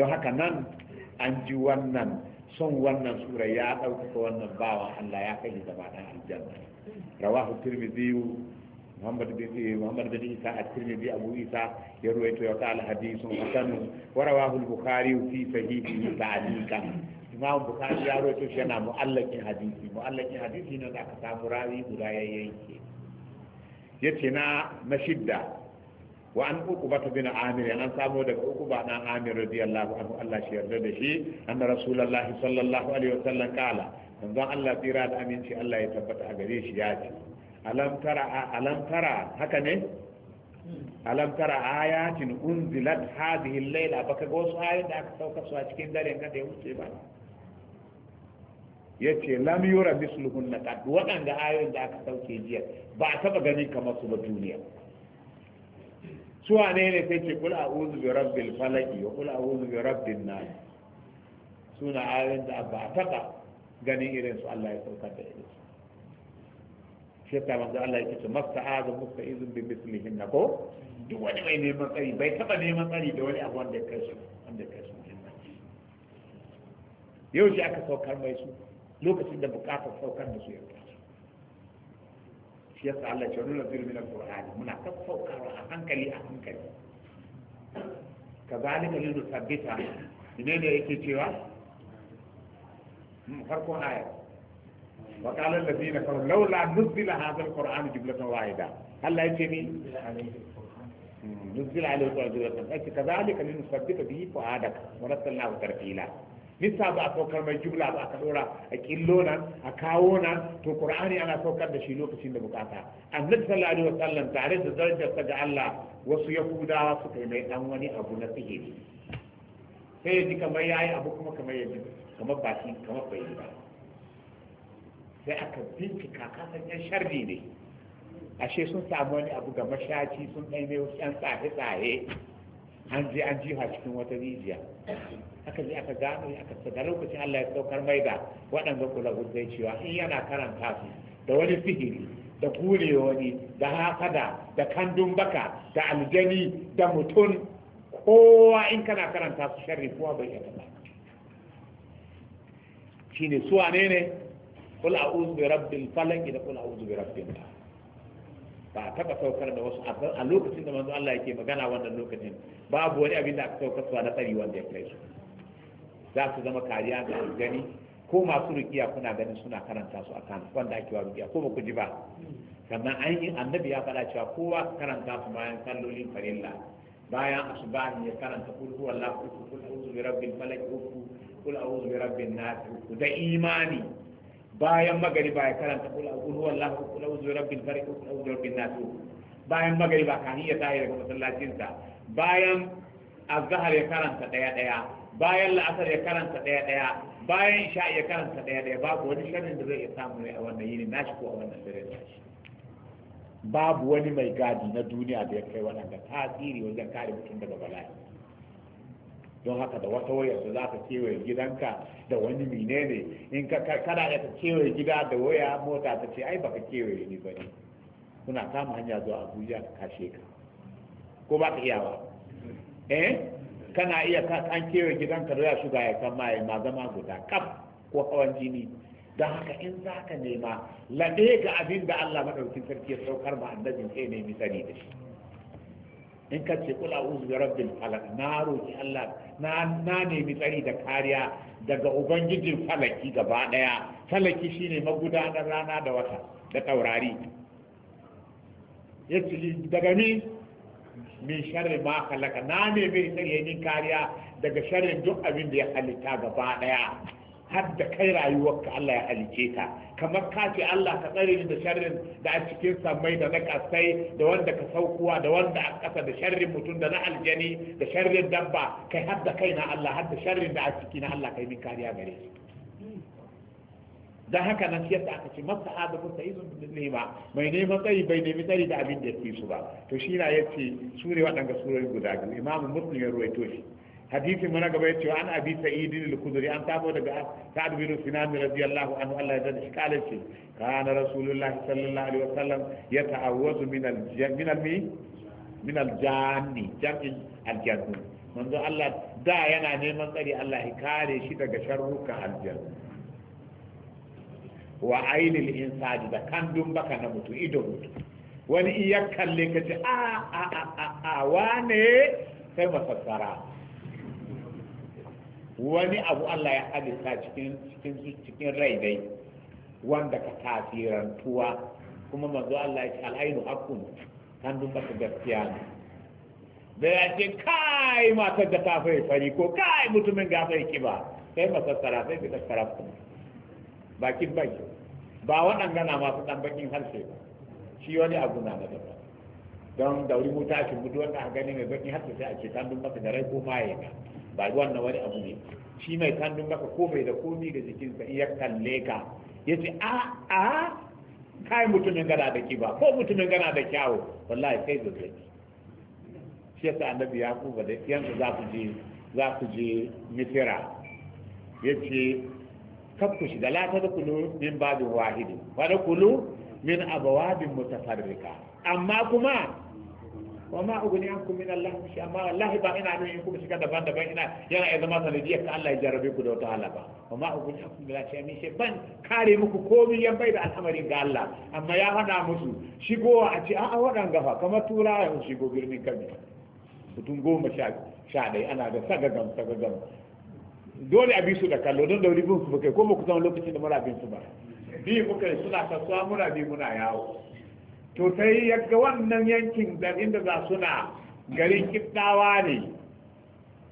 don haka nan an ji wannan son wannan sura ya ɗaukaka wannan bawan Allah ya kai zama ɗan aljanna rawahu tirmidhi at-tirmidhi abu isa ya ruwaito ya عيسى hadithun hasan wa rawahu al-bukhari fi صحيحه تعليقا imam bukhari ya ruwaito shi yana mu'allakin hadisi mu'allakin hadisi ne da aka samu rawi guda ya yanke ya na na shidda wa an uqba bin amir an samu daga uqba dan amir radiyallahu anhu Allah shi yarda da shi anna rasulullahi sallallahu alaihi wasallam kala manzo Allah tsira da aminci Allah ya tabbata a gare shi ya ce alam tara alam tara haka ne alam tara ayatin unzilat hadhihi al-layla baka ga wasu ayoyin da aka sauka su a cikin daren kada ya wuce ba yace lam yura misluhunna qad waɗanda ayoyin da aka sauke jiya ba a taba gani kamar su ba duniya su ne ne sai ce a a'udhu bi rabbil falaki wa a a'udhu bi rabbin nas suna ayoyin da ba a taba ganin irin su Allah ya saukar da irin su shi ta manzo Allah ya ce masta'azu izin bi mislihin ko duk wani mai neman tsari bai taba neman tsari da wani abu wanda kai su wanda kai su yau shi aka saukar mai su lokacin da bukatar saukar da su ya شيخ على جنون الدر من القرآن من فوق أهان كلي أهان كلي كذلك لن تثبتها من أين يتتوى فرق آية وقال الذين قالوا لولا نزل هذا القرآن جبلة واحدة هل لا يتني نزل عليه القرآن جبلة كذلك لن نثبت به فؤادك ورسلناه ترتيلا nisa ba a saukar mai jumla ba aka dora a killo nan a kawo nan to qur'ani ana saukar da shi lokacin da bukata annabi sallallahu alaihi wasallam tare da darajarsa ga Allah wasu yahudawa suka yi mai dan wani abu na sihiri sai ji kamar yayi abu kuma kamar yaji kamar ba shi kamar bai yi ba sai aka bincika kasan yan sharri ne ashe sun samu wani abu ga mashaci sun ɗan mai wasu ƴan tsaye-tsaye an je an jiha cikin wata rijiya aka je aka gano aka ce da lokacin Allah ya saukar mai da waɗanda kula gudzai cewa in yana karanta su da wani sihiri da gure wani da hasada da kandun baka da aljani da mutum kowa in kana karanta su sharri kowa bai yi ba ne su wane ne kul a'udhu bi rabbil falaq da kul a'udhu bi rabbin nas ba a taba saukar da wasu a lokacin da manzo Allah yake magana wannan lokacin babu wani abin da aka saukar su na tsari wanda ya kai su za su zama kariya ga aljani ko masu rukiya kuna ganin suna karanta su a akan wanda ake wa rukiya ko ba ku ji ba sannan ainihin annabi ya faɗa cewa kowa karanta su bayan sallolin farilla bayan asubahin ya karanta kul huwallahu uku kul a'udhu bi rabbil falaq uku kul a'udhu bi rabbin nas uku da imani bayan magariba ya karanta kul huwallahu kul a'udhu bi rabbil falaq uku kul a'udhu bi rabbin nas uku bayan magariba kan iya tayi daga masallacin sa bayan azhar ya karanta daya daya bayan la'asar ya karanta ɗaya ɗaya bayan isha ya karanta ɗaya ɗaya babu wani sharrin da zai iya samu a wannan yini nashi ko a wannan dare shi babu wani mai gadi na duniya da ya kai waɗanda tasiri wajen kare mutum daga bala'i don haka da wata wayar da za ta kewaye gidanka da wani ne in ka kada ya ta kewaye gida da waya mota ta ce ai baka kewaye ni ba ne. kuna kama hanya zuwa abuja ka kashe ka ko ba ka iya eh kana iya ka an kewa gidanka da shuga ya kan maye ma zama guda kaf ko hawan jini don haka in za ka nema laɗe ga abin da Allah maɗaukin sarki ya saukar ma annabin sai ne misali da shi in ka ce kula uzu da rabbin falak na roki Allah na nemi tsari da kariya daga ubangijin falaki gaba daya falaki shine magudanar rana da wata da taurari yace daga ni min sharri ma halaka na nemi tsare ni kariya daga sharrin duk abin da ya halitta gaba daya har da kai ka Allah ya halice ta kamar ka ce Allah ka tsare ni da sharrin da a cikin samai da na kasai da wanda ka saukuwa da wanda a kasa da sharrin mutum da na aljani da sharrin dabba kai har da na Allah har da sharrin da a ciki na Allah kai min kariya gare shi dan haka nan yadda aka ce masa hada musa izun bizne ba mai neman tsari bai nemi tsari da abin da yake su ba to shi na yace sure waɗanda surori guda biyu imam muslim ya ruwaito shi hadisi mana gaba yace an abi sa'idin al-khudri an tabo daga sa'ad bin sinan radiyallahu anhu Allah ya zada shi kala ce kana rasulullah sallallahu alaihi wasallam yata'awwazu min al-min al-mi min al-janni jam'in al-jannu manzo Allah da yana neman tsari Allah ya kare shi daga sharruka al-jannu wa ainil insani da kandun baka na mutu ido mutu wani iya kalle ka ce a a a a wa wane sai masassara wani abu Allah ya halitta cikin cikin cikin rai dai wanda ka tuwa kuma manzo Allah ya ce al'ainu haqqun kandun baka gaskiya ne da ya ce kai matar da ta fari ko kai mutumin ga fai kiba sai masassara sai ka tattara kuma bakin baki ba waɗanga na masu dan bakin harshe ba shi wani abu na da daban don dauri mu shi mu duk a gani mai bakin harshe sai a ce kandun baka da rai ko maye ka ba wannan wani abu ne shi mai kandun baka ko bai da komi da jikinsa sa iya kalle ka ya ce a a kai mutumin gana da kiba ko mutumin gana da kyawu wallahi sai zazzabi shi yasa annabi ya ku da yanzu za ku je za ku je misira yace kar ku shiga la tadkhulu min babin wahid wa tadkhulu min abawabin mutafarrika amma kuma wa ma ugni ankum min Allah amma wallahi ba ina nuna in shiga daban daban ina yana ya zama sanadiyar ka Allah ya ku da wata halaba wa ma ugni ankum min Allah shi ban kare muku komai yan bai da al'amarin ga Allah amma ya hada musu shigowa a ce a'a wadan gafa kamar turawa su shigo birnin kabi goma ana da dole a bi su da kallo don da wuri bin su ba kai ko muku san lokacin da mura bin su ba bi kai suna kasuwa mura bi muna yawo to sai ga wannan yankin da inda za suna garin kiddawa ne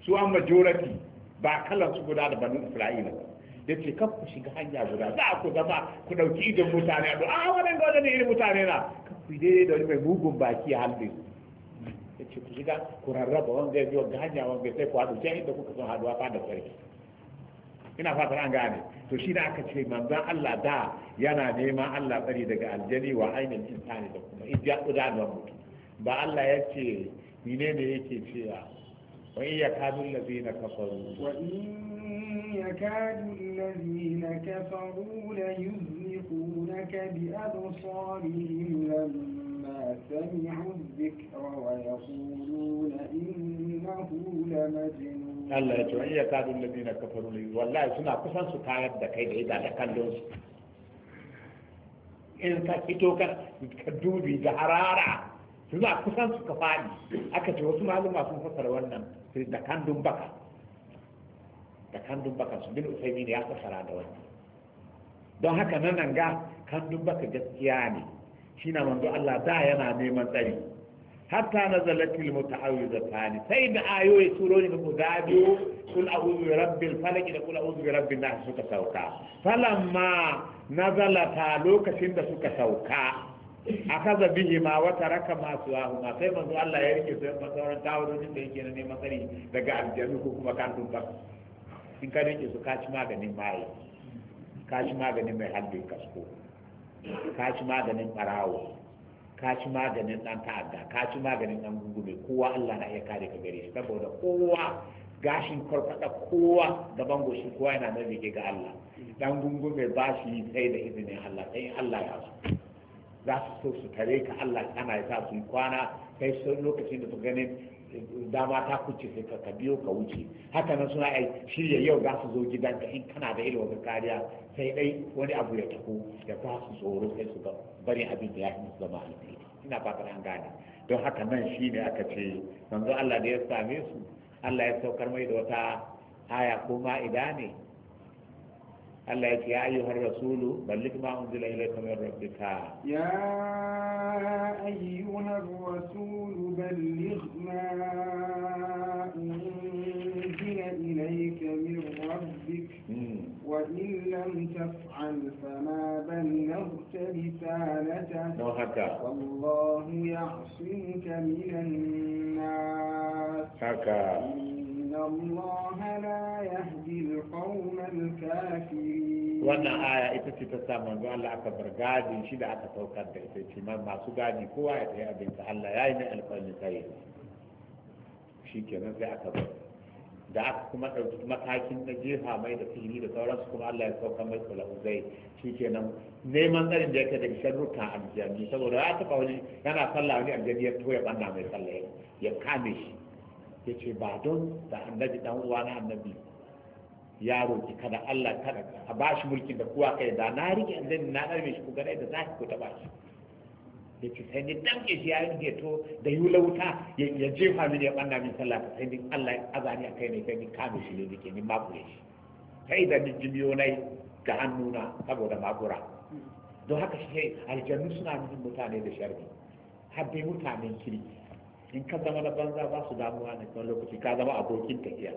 su an majority ba kalan su guda da banu isra'ila da ce kan ku shiga hanya guda za ku zama ku ɗauki idon mutane a a ah, wannan ga wannan irin mutane na kan ku daidai da wani mai mugun baki a halin ya ce ku shiga ku rarraba wanga ya biyo ga hanya wanga sai ku haɗu sai inda kuka son haɗuwa fa da sarki ina fatar an gane to shi da aka ce manzon Allah da yana neman Allah tsari daga aljani wa ainihin insani da kuma in ijiya idanuwar mutum ba Allah ya ce mine ne yake cewa wa in ya yakadu allazina kafaru wa in ya yakadu allazina kafaru la yuzliqunaka bi absarihim lamma sami'u dhikra wa yaquluna innahu lamajnun Allah ya ce wa iya kadun ladina kafaru wallahi suna kusan su kayan da kai da ita da kallon su in ka fito ka dubi da harara suna kusan su ka fadi aka ce wasu maluma sun fasara wannan da kandun baka da kandun baka su bin usaimi ne ya fasara da wannan don haka nan ga kandun baka gaskiya ne shi na manzo Allah da yana neman tsari hatta nazalatil muta'awwizatani sai da ayoyi surori da guda biyu kul a'udhu bi rabbil falaq da kul a'udhu bi rabbin nas suka sauka falamma nazalata lokacin da suka sauka akaza bihi ma wa taraka ma sai manzo Allah ya rike sai masauran tawo da yake na neman sani daga aljannu ko kuma kan dubba in ka rike su kaci maganin mai kaci maganin mai haddin kasko kaci maganin barawo ka ci maganin ɗan ta'adda ka ci maganin ɗan gungume kowa Allah na iya kare ka gare shi saboda kowa gashin farfada kowa da gaban shi kowa yana nan rike ga Allah dan gungume ba shi sai da izinin Allah sai Allah ya so za su so su tare ka Allah ana ya sa su kwana kai sun lokacin da su ganin dama ta kuce sai ka biyo ka wuce haka nan suna ai shirya yau za su zo gidan ka in kana da irin ga kariya sai dai wani abu ya tafi ya ba su tsoro sai su bari abin da ya fi musu zama alheri ina fatan an gane don haka nan shine aka ce manzo Allah da ya same su Allah ya saukar mai da wata aya ko ma'ida ne الله يا أيها الرسول بلغ ما أنزل إليك من ربك يا أيها الرسول بلغ ما أنزل إليك من ربك وإن لم تفعل فما بلغت رسالته والله يعصمك من الناس إن الله لا يهدي القوم الكافرين wannan aya ita ce ta sa manzo Allah aka bar gadin shi da aka saukar da ita ce masu gadi kowa ya tafi abin ta Allah ya yi mai alƙawari kai shi kenan sai aka bar da aka kuma ɗauki matakin na jefa mai da fili da sauransu kuma Allah ya sauka mai kula uzai shi kenan neman tsarin da yake daga sharruka aljanni saboda ya taɓa wani yana sallah wani aljanni ya toya ɓanna mai sallah ya kame shi ya ce ba don da annabi dan uwa na annabi ya roki kada Allah kada a ba shi mulkin da kowa kai da na rike annabi na ɗarme shi ku gane da zaki ko ta ba shi ya ce sai ni ke shi ya yi to da yi lauta ya jefa mini ya ɓanna min sallah sai ni Allah azani a kai ne sai ni kame shi ne nake ni makure shi sai da ni jimiyo na ga hannuna saboda makura don haka shi aljannu suna nufin mutane da sharri habbe mutanen kirki in ka zama na banza ba su damuwa ne wani lokaci ka zama abokin tafiya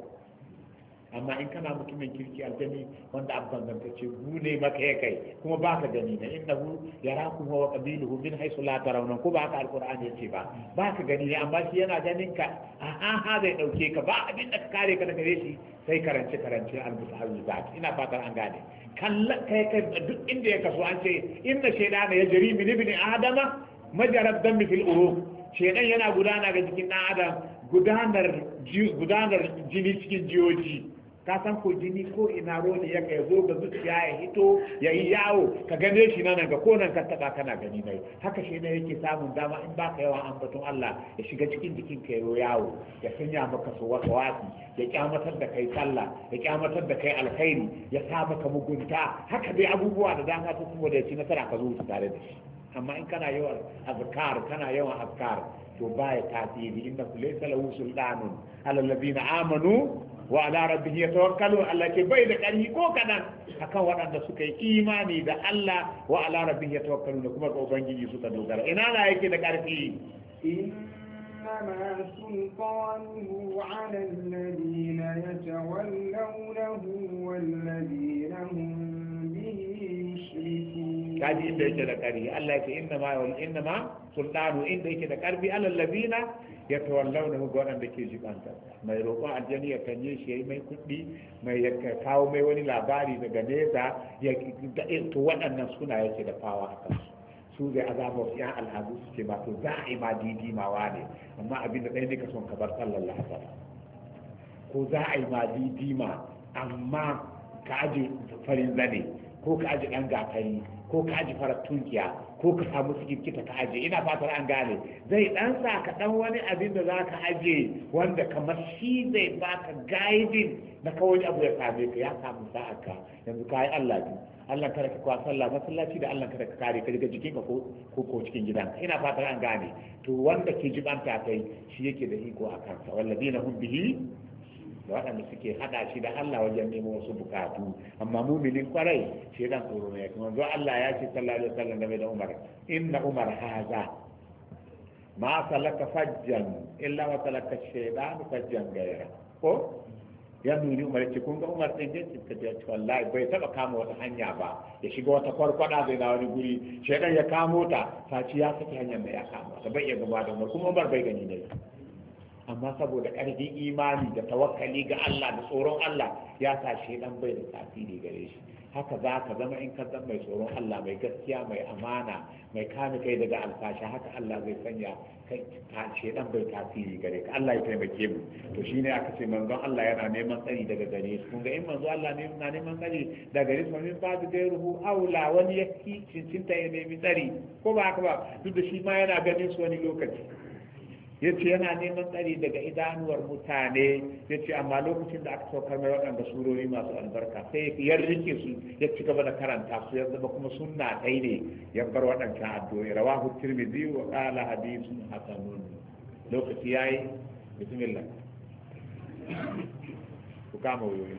amma in kana mutumin kirki aljani wanda an bangantacce gu ne maka ya kai kuma ba ka gani ne innahu yarakum wa qabiluhu min haisu latara tarawna ko ba ka ya yace ba ba ka gani ne amma shi yana ganin ka a ha zai ɗauke ka ba abin da ka kare ka daga shi sai karance karance al-mutahawizat ina fatar an gane kalla kai kai duk inda ya kasu an ce inna ya yajri min bini adama majarab dhanbi fil uruq shedan yana gudana ga jikin dan adam gudanar jini cikin jiyoji ka san ko jini ko ina roni ya kai zo ga zuciya ya hito ya yi yawo ka gane shi nan ga ko nan ka taba kana gani nai haka shi ne yake samun dama in baka yawa ambaton Allah ya shiga cikin jikin ka yawo yawo ya sanya maka so wata wasi ya kyamatar da kai sallah ya kyamatar da kai alkhairi ya sa maka mugunta haka dai abubuwa da dama su kuma da ya ci nasara ka zo su tare da shi amma in kana yawan askar kana yawan askar to baya tasiri inna laysa lahu sultanun ala alladhina amanu wa ala rabbihim yatawakkalun Allah ke bai da ƙarfi ko kadan akan waɗanda suka yi imani da Allah wa ala rabbihim yatawakkalun kuma ga ubangiji suka dogara ina na yake da ƙarfi إنما سلطانه على الذين يتولونه والذين هم kaji inda yake da ƙarfi Allah ya ce inna ma wal inna ma sultanu inda yake da ƙarfi alal ladina yatawallawna ga wanda ke jibanta mai roƙon aljani ya kanye shi yayi mai kuɗi mai ya kawo mai wani labari daga nesa ya to waɗannan suna yake da fawa a kansu su da azabar yan al'adu su ce ba to za a yi ma ma ne amma abin da ɗaya ne ka son ka bar sallar lahasar ko za a yi ma ma amma ka aje farin zane ko ka aji ɗan gafari ko ka aji farar tunkiya ko ka samu sikirkita ka aje ina fatar an gane zai ɗan sa ka ɗan wani abin da za ka aje wanda kamar shi zai ba ka gaidin na kawai abu ya same ka ya samu sa'ar ka yanzu ka yi Allah biyu Allah kada ka masallaci da Allah kada ka kare ka daga jikin ka ko ko cikin gidan. ina fatar an gane to wanda ke jibanta kai shi yake da iko a kansa na hum bihi da waɗanda suke haɗa shi da Allah wajen neman wasu bukatu amma muminin kwarai shi dan tsoro ne kuma zo Allah ya ce sallallahu alaihi wasallam game da Umar inna Umar haza ma salaka fajjan illa wa salaka shaytan fajjan gaira ko ya nuni Umar ce kun ga Umar din jinsi ka ce wallahi bai taba kama wata hanya ba ya shiga wata kwarkwada zai na wani guri shaytan ya kamo ta ci ya saki hanyar da ya kama ta bai ya gaba da Umar kuma Umar bai gani ne amma saboda ƙarfin imani da tawakkali ga Allah da tsoron Allah ya sa dan bai da tasiri gare shi haka za ka zama in ka zama mai tsoron Allah mai gaskiya mai amana mai kame kai daga alfashi haka Allah zai sanya kai dan bai tasiri gare ka Allah ya taimake mu to shine aka ce manzo Allah yana neman tsari daga gare shi kun ga in manzo Allah ne na neman tsari daga gare shi min ba da ruhu aula wani yaki ta ya nemi tsari ko ba haka ba duk da shi ma yana ganin su wani lokaci ya ce yana neman tsari daga idanuwar mutane ya ce amma lokacin da aka saukar mai waɗanda surori masu albarka sai ya rike su ya ci gaba da karanta su ya zama kuma sunna ɗai ne ya bar waɗancan addu'o'i rawahu biyu wa qala hadithun hasanun lokaci yayi bismillah ku kama wuyoyi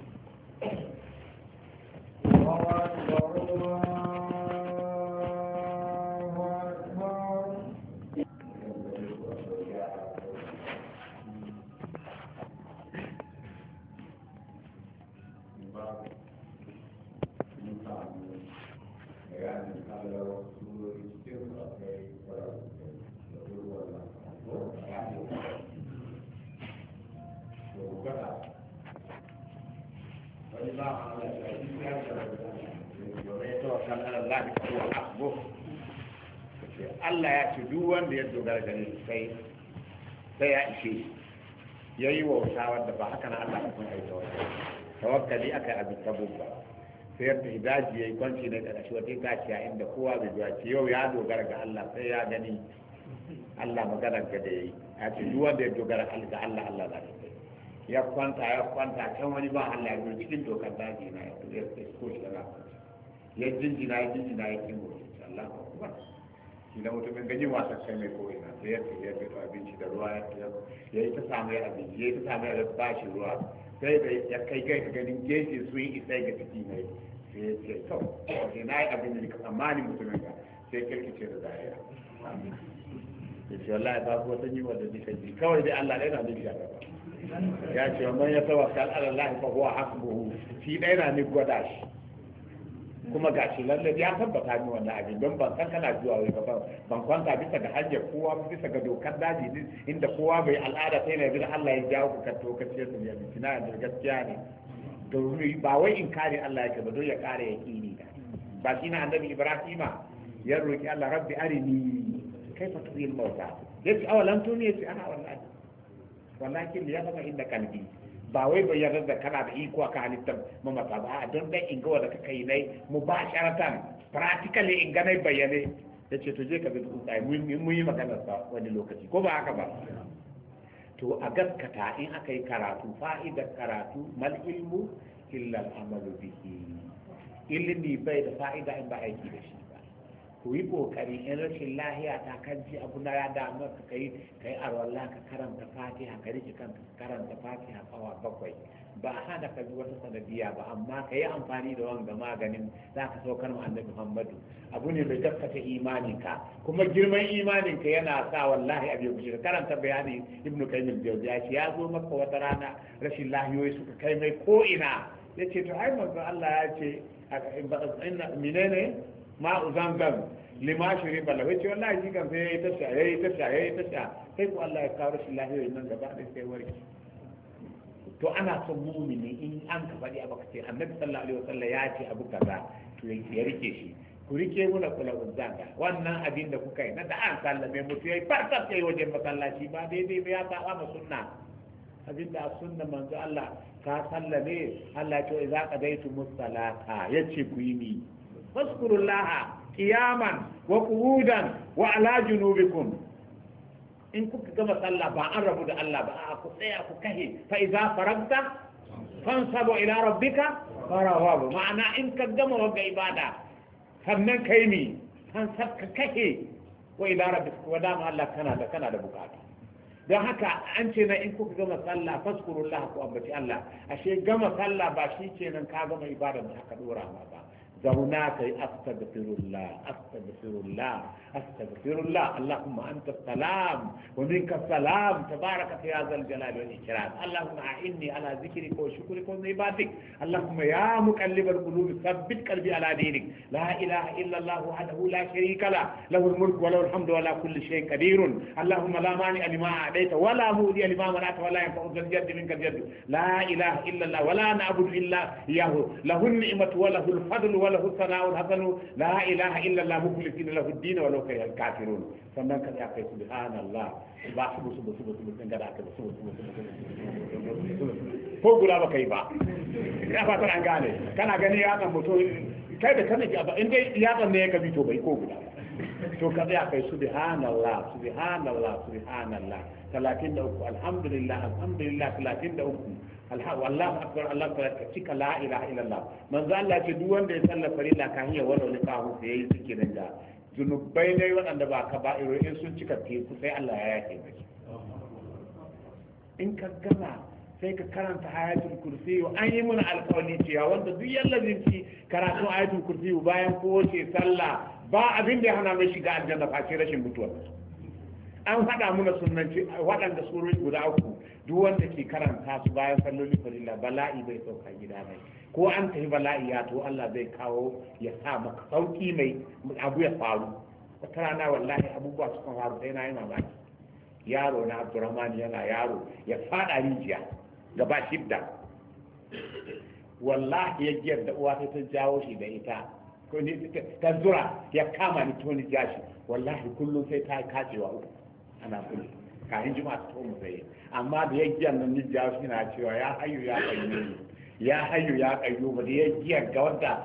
wanda ya dogara gare shi sai sai ya ishe shi ya yi wauta wanda ba haka na Allah ka san ai tawakkali tawakkali akai abin tabubba sai ya tafi daji ya yi kwanci ne daga wata gaciya inda kowa bai zuwa ce yau ya dogara ga Allah sai ya gani Allah magana ga da yayi a ce duk wanda ya dogara ga Allah Allah za ta ya kwanta ya kwanta can wani ba Allah ya cikin dokar daji na ya ko shi ya jinjina ya jinjina ya kingo Allah akbar mutum mutumin gaji wasan sai mai ko ina sai ya ya fito abinci da ruwa ya yi ta samu ya abinci ya yi ta samu ya ba shi ruwa sai da ya kai kai ganin gefe su yi isa ga ciki mai sai ya ce to sai na yi abin da ka tsammani mutumin ka sai kirkice da zariya ya ce wallahi Ya ku wata yiwa da nika ji kawai dai Allah ɗaya na nufi a gaba ya ce wannan ya tawakkal Allah fa huwa hasbuhu shi ɗaya na ni gwada shi kuma ga shi lalle ya tabbata ni wannan abin don ban san kana zuwa wai ba ban kwanta bisa ga hanyar kowa bisa ga dokar daji inda kowa bai al'ada sai na yanzu Allah ya jawo ku katto ka ce sun yanzu kina da gaskiya ne to ba wai in kare Allah yake ba don ya kare yaqini da ba shi na annabi Ibrahim ya roki Allah rabbi arini fa tuhyil mauta yace awalan tuni yace ana wallahi wallahi ya zama inda kalbi ba wai bayyanar da kana da iko aka halittar mamata ba a don dan in ga wanda ka yi nai mu ba sharatan practically in ga nai bayyane ya ce to je ka bi tsuntsaye mu yi magana sa wani lokaci ko ba haka ba to a gaskata in aka yi karatu fa'idar karatu mal ilmu illa al'amalu bihi ilmi bai da fa'ida in ba aiki da shi ku yi kokari in rashin lahiya ta kanci abu na rada maka kai kai arwallah ka karanta fatiha ka rike kan karanta fatiha kawa bakwai ba a hana ka wata sanadiya ba amma ka yi amfani da wanga maganin za ka saukar mu annabi muhammadu abu ne mai tabbata imaninka kuma girman imaninka yana sa wallahi abin gushi karanta bayani. ibnu kaimin jawziya ya ce, ya zo maka wata rana rashin lahiyoyi suka kai mai ko ina ce to ai manzo Allah ya ce ne? ma'u zamzam lima shiri bala wai ce wallahi shi kan sai yayi tasha yayi tasha yayi tasha sai ko Allah ya kawo shi lahiyoyin nan gaba da sai warke to ana son mumini in an ka faɗi abu ce annabi sallallahu alaihi wasallam ya ce abu kaza to ya rike shi ku rike muna kula uzzaka wannan abin da kuka yi na da an sallame mutu yayi farkas yayi wajen masallaci ba daidai ba ya saba ma sunna abin da sunna manzo Allah ka sallame Allah ya ce idza qadaytu musallata yace ku yi ni fazkurullaha qiyaman wa qu'udan wa ala junubikum in kuka gama sallah ba an rabu da Allah ba a ku tsaya ku kahe fa idza faragta fansabu ila rabbika farawabu ma'ana in ka gama wagga ibada sannan kai mi fansab ka kahe da kana da don haka an ce na in kuka gama sallah faskurullah ku ambaci Allah ashe gama sallah ba shi kenan ka gama ibada da aka dora ma ba هناك أستغفر الله أستغفر الله أستغفر الله اللهم أنت السلام ومنك السلام تبارك في هذا الجلال والإكرام اللهم أعني على ذكرك وشكرك وعبادتك اللهم يا مقلب القلوب ثبت قلبي على دينك لا إله إلا الله وحده لا شريك له له الملك وله الحمد ولا كل شيء قدير اللهم لا مانع لما أعطيت ولا مولي لما منعت ولا ينفع ذا الجد منك الجد لا إله إلا الله ولا نعبد إلا إياه له النعمة وله الفضل lahu sana'un hasanu la ilaha illa allah mukhlisina lahu ad-din ba su su su su sun gada aka su su su ko guda ba kai ba ya fatar an gane kana gani ya kai da kana ba in ya san ne ya kabi to bai ko guda to kaza ya kai subhanallah subhanallah subhanallah alhamdulillah alhamdulillah wallahu akbar Allah ta cika la ilaha illallah manzo Allah ce duk wanda ya sallar farilla kan iya wani wani kawo sai yayi nan da zunubai ne waɗanda ba ka ba in sun cika ku sai Allah ya yake mai in ka gama sai ka karanta ayatul kursi an yi mana alƙawari cewa wanda duk yallazin ci karatu ayatul kursi bayan kowace sallah ba abin da ya hana mai shiga aljanna face rashin mutuwa an faɗa muna sunanci waɗanda surori guda uku duk wanda ke karanta su bayan salloli farilla bala'i bai sauka gida mai ko an tafi bala'i ya to Allah zai kawo ya sa maka sauki mai abu ya faru wata rana wallahi abubuwa sukan faru sai na yi mamaki yaro na Abdurrahman yana yaro ya fada rijiya gaba shidda wallahi ya giyar da uwa ta jawo shi da ita ko ni ta zura ya kama ni toni jashi wallahi kullum sai ta kacewa uku ana kullum kafin juma'a ta tomo sai amma da ya giyar nan su na cewa ya hayu ya kayyubu ya hayu ya ba da ya giyar ga wanda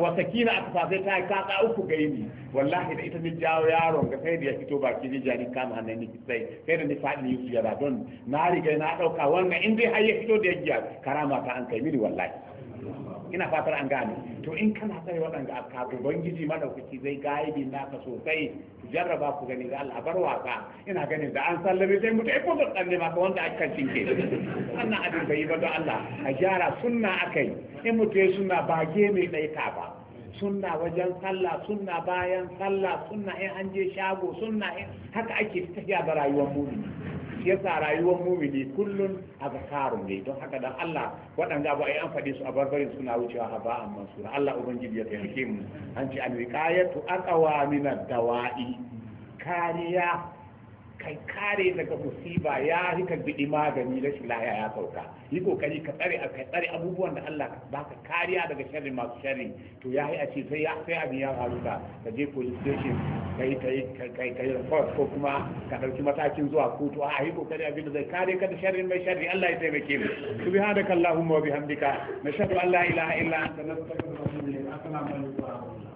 wata na aka sa ta yi ka uku ga ni wallahi da ita ya yaron ga sai da ya fito baki nijja ni kama hannun ni sai sai da ni faɗi ni su yara don na riga na ɗauka wannan in dai har ya fito da ya kara karama ta an kai mini wallahi ina fatar an gane to in kana sai waɗanda aka bangiji madaukaki zai gaibi naka sosai jarraba ku gani da Allah bar waka ina ganin da an sallame sai mutu ai ko dan maka wanda aka cinke wannan abin bai ba don Allah a gyara sunna akai in mutu ya sunna ba ge mai daita ba sunna wajen sallah sunna bayan sallah sunna in an je shago sunna haka ake tafiya da rayuwar mu yasa rayuwar mumini kullun zakarun ne don haka dan Allah waɗanda ba a yi an faɗi su a barbarin suna wucewa a ba amma sura Allah ubangiji ya taimake mu an ce an wiqayatu aqwa min dawai kariya kai kare daga musiba ya yi ka bidi magani rashin lahiya ya sauka yi kokari ka tsare ka tsare abubuwan da Allah ba ka kariya daga sharri masu sharri to ya yi a ce sai ya sai abin ya faru ka ka je police station kai kai kai kai report ko kuma ka dauki matakin zuwa kotu a yi kokari abin da zai kare ka da sharri mai sharri Allah ya taimake mu subhanakallahumma wa bihamdika nashhadu an la ilaha illa anta nastaghfiruka wa atubu ilayk assalamu alaikum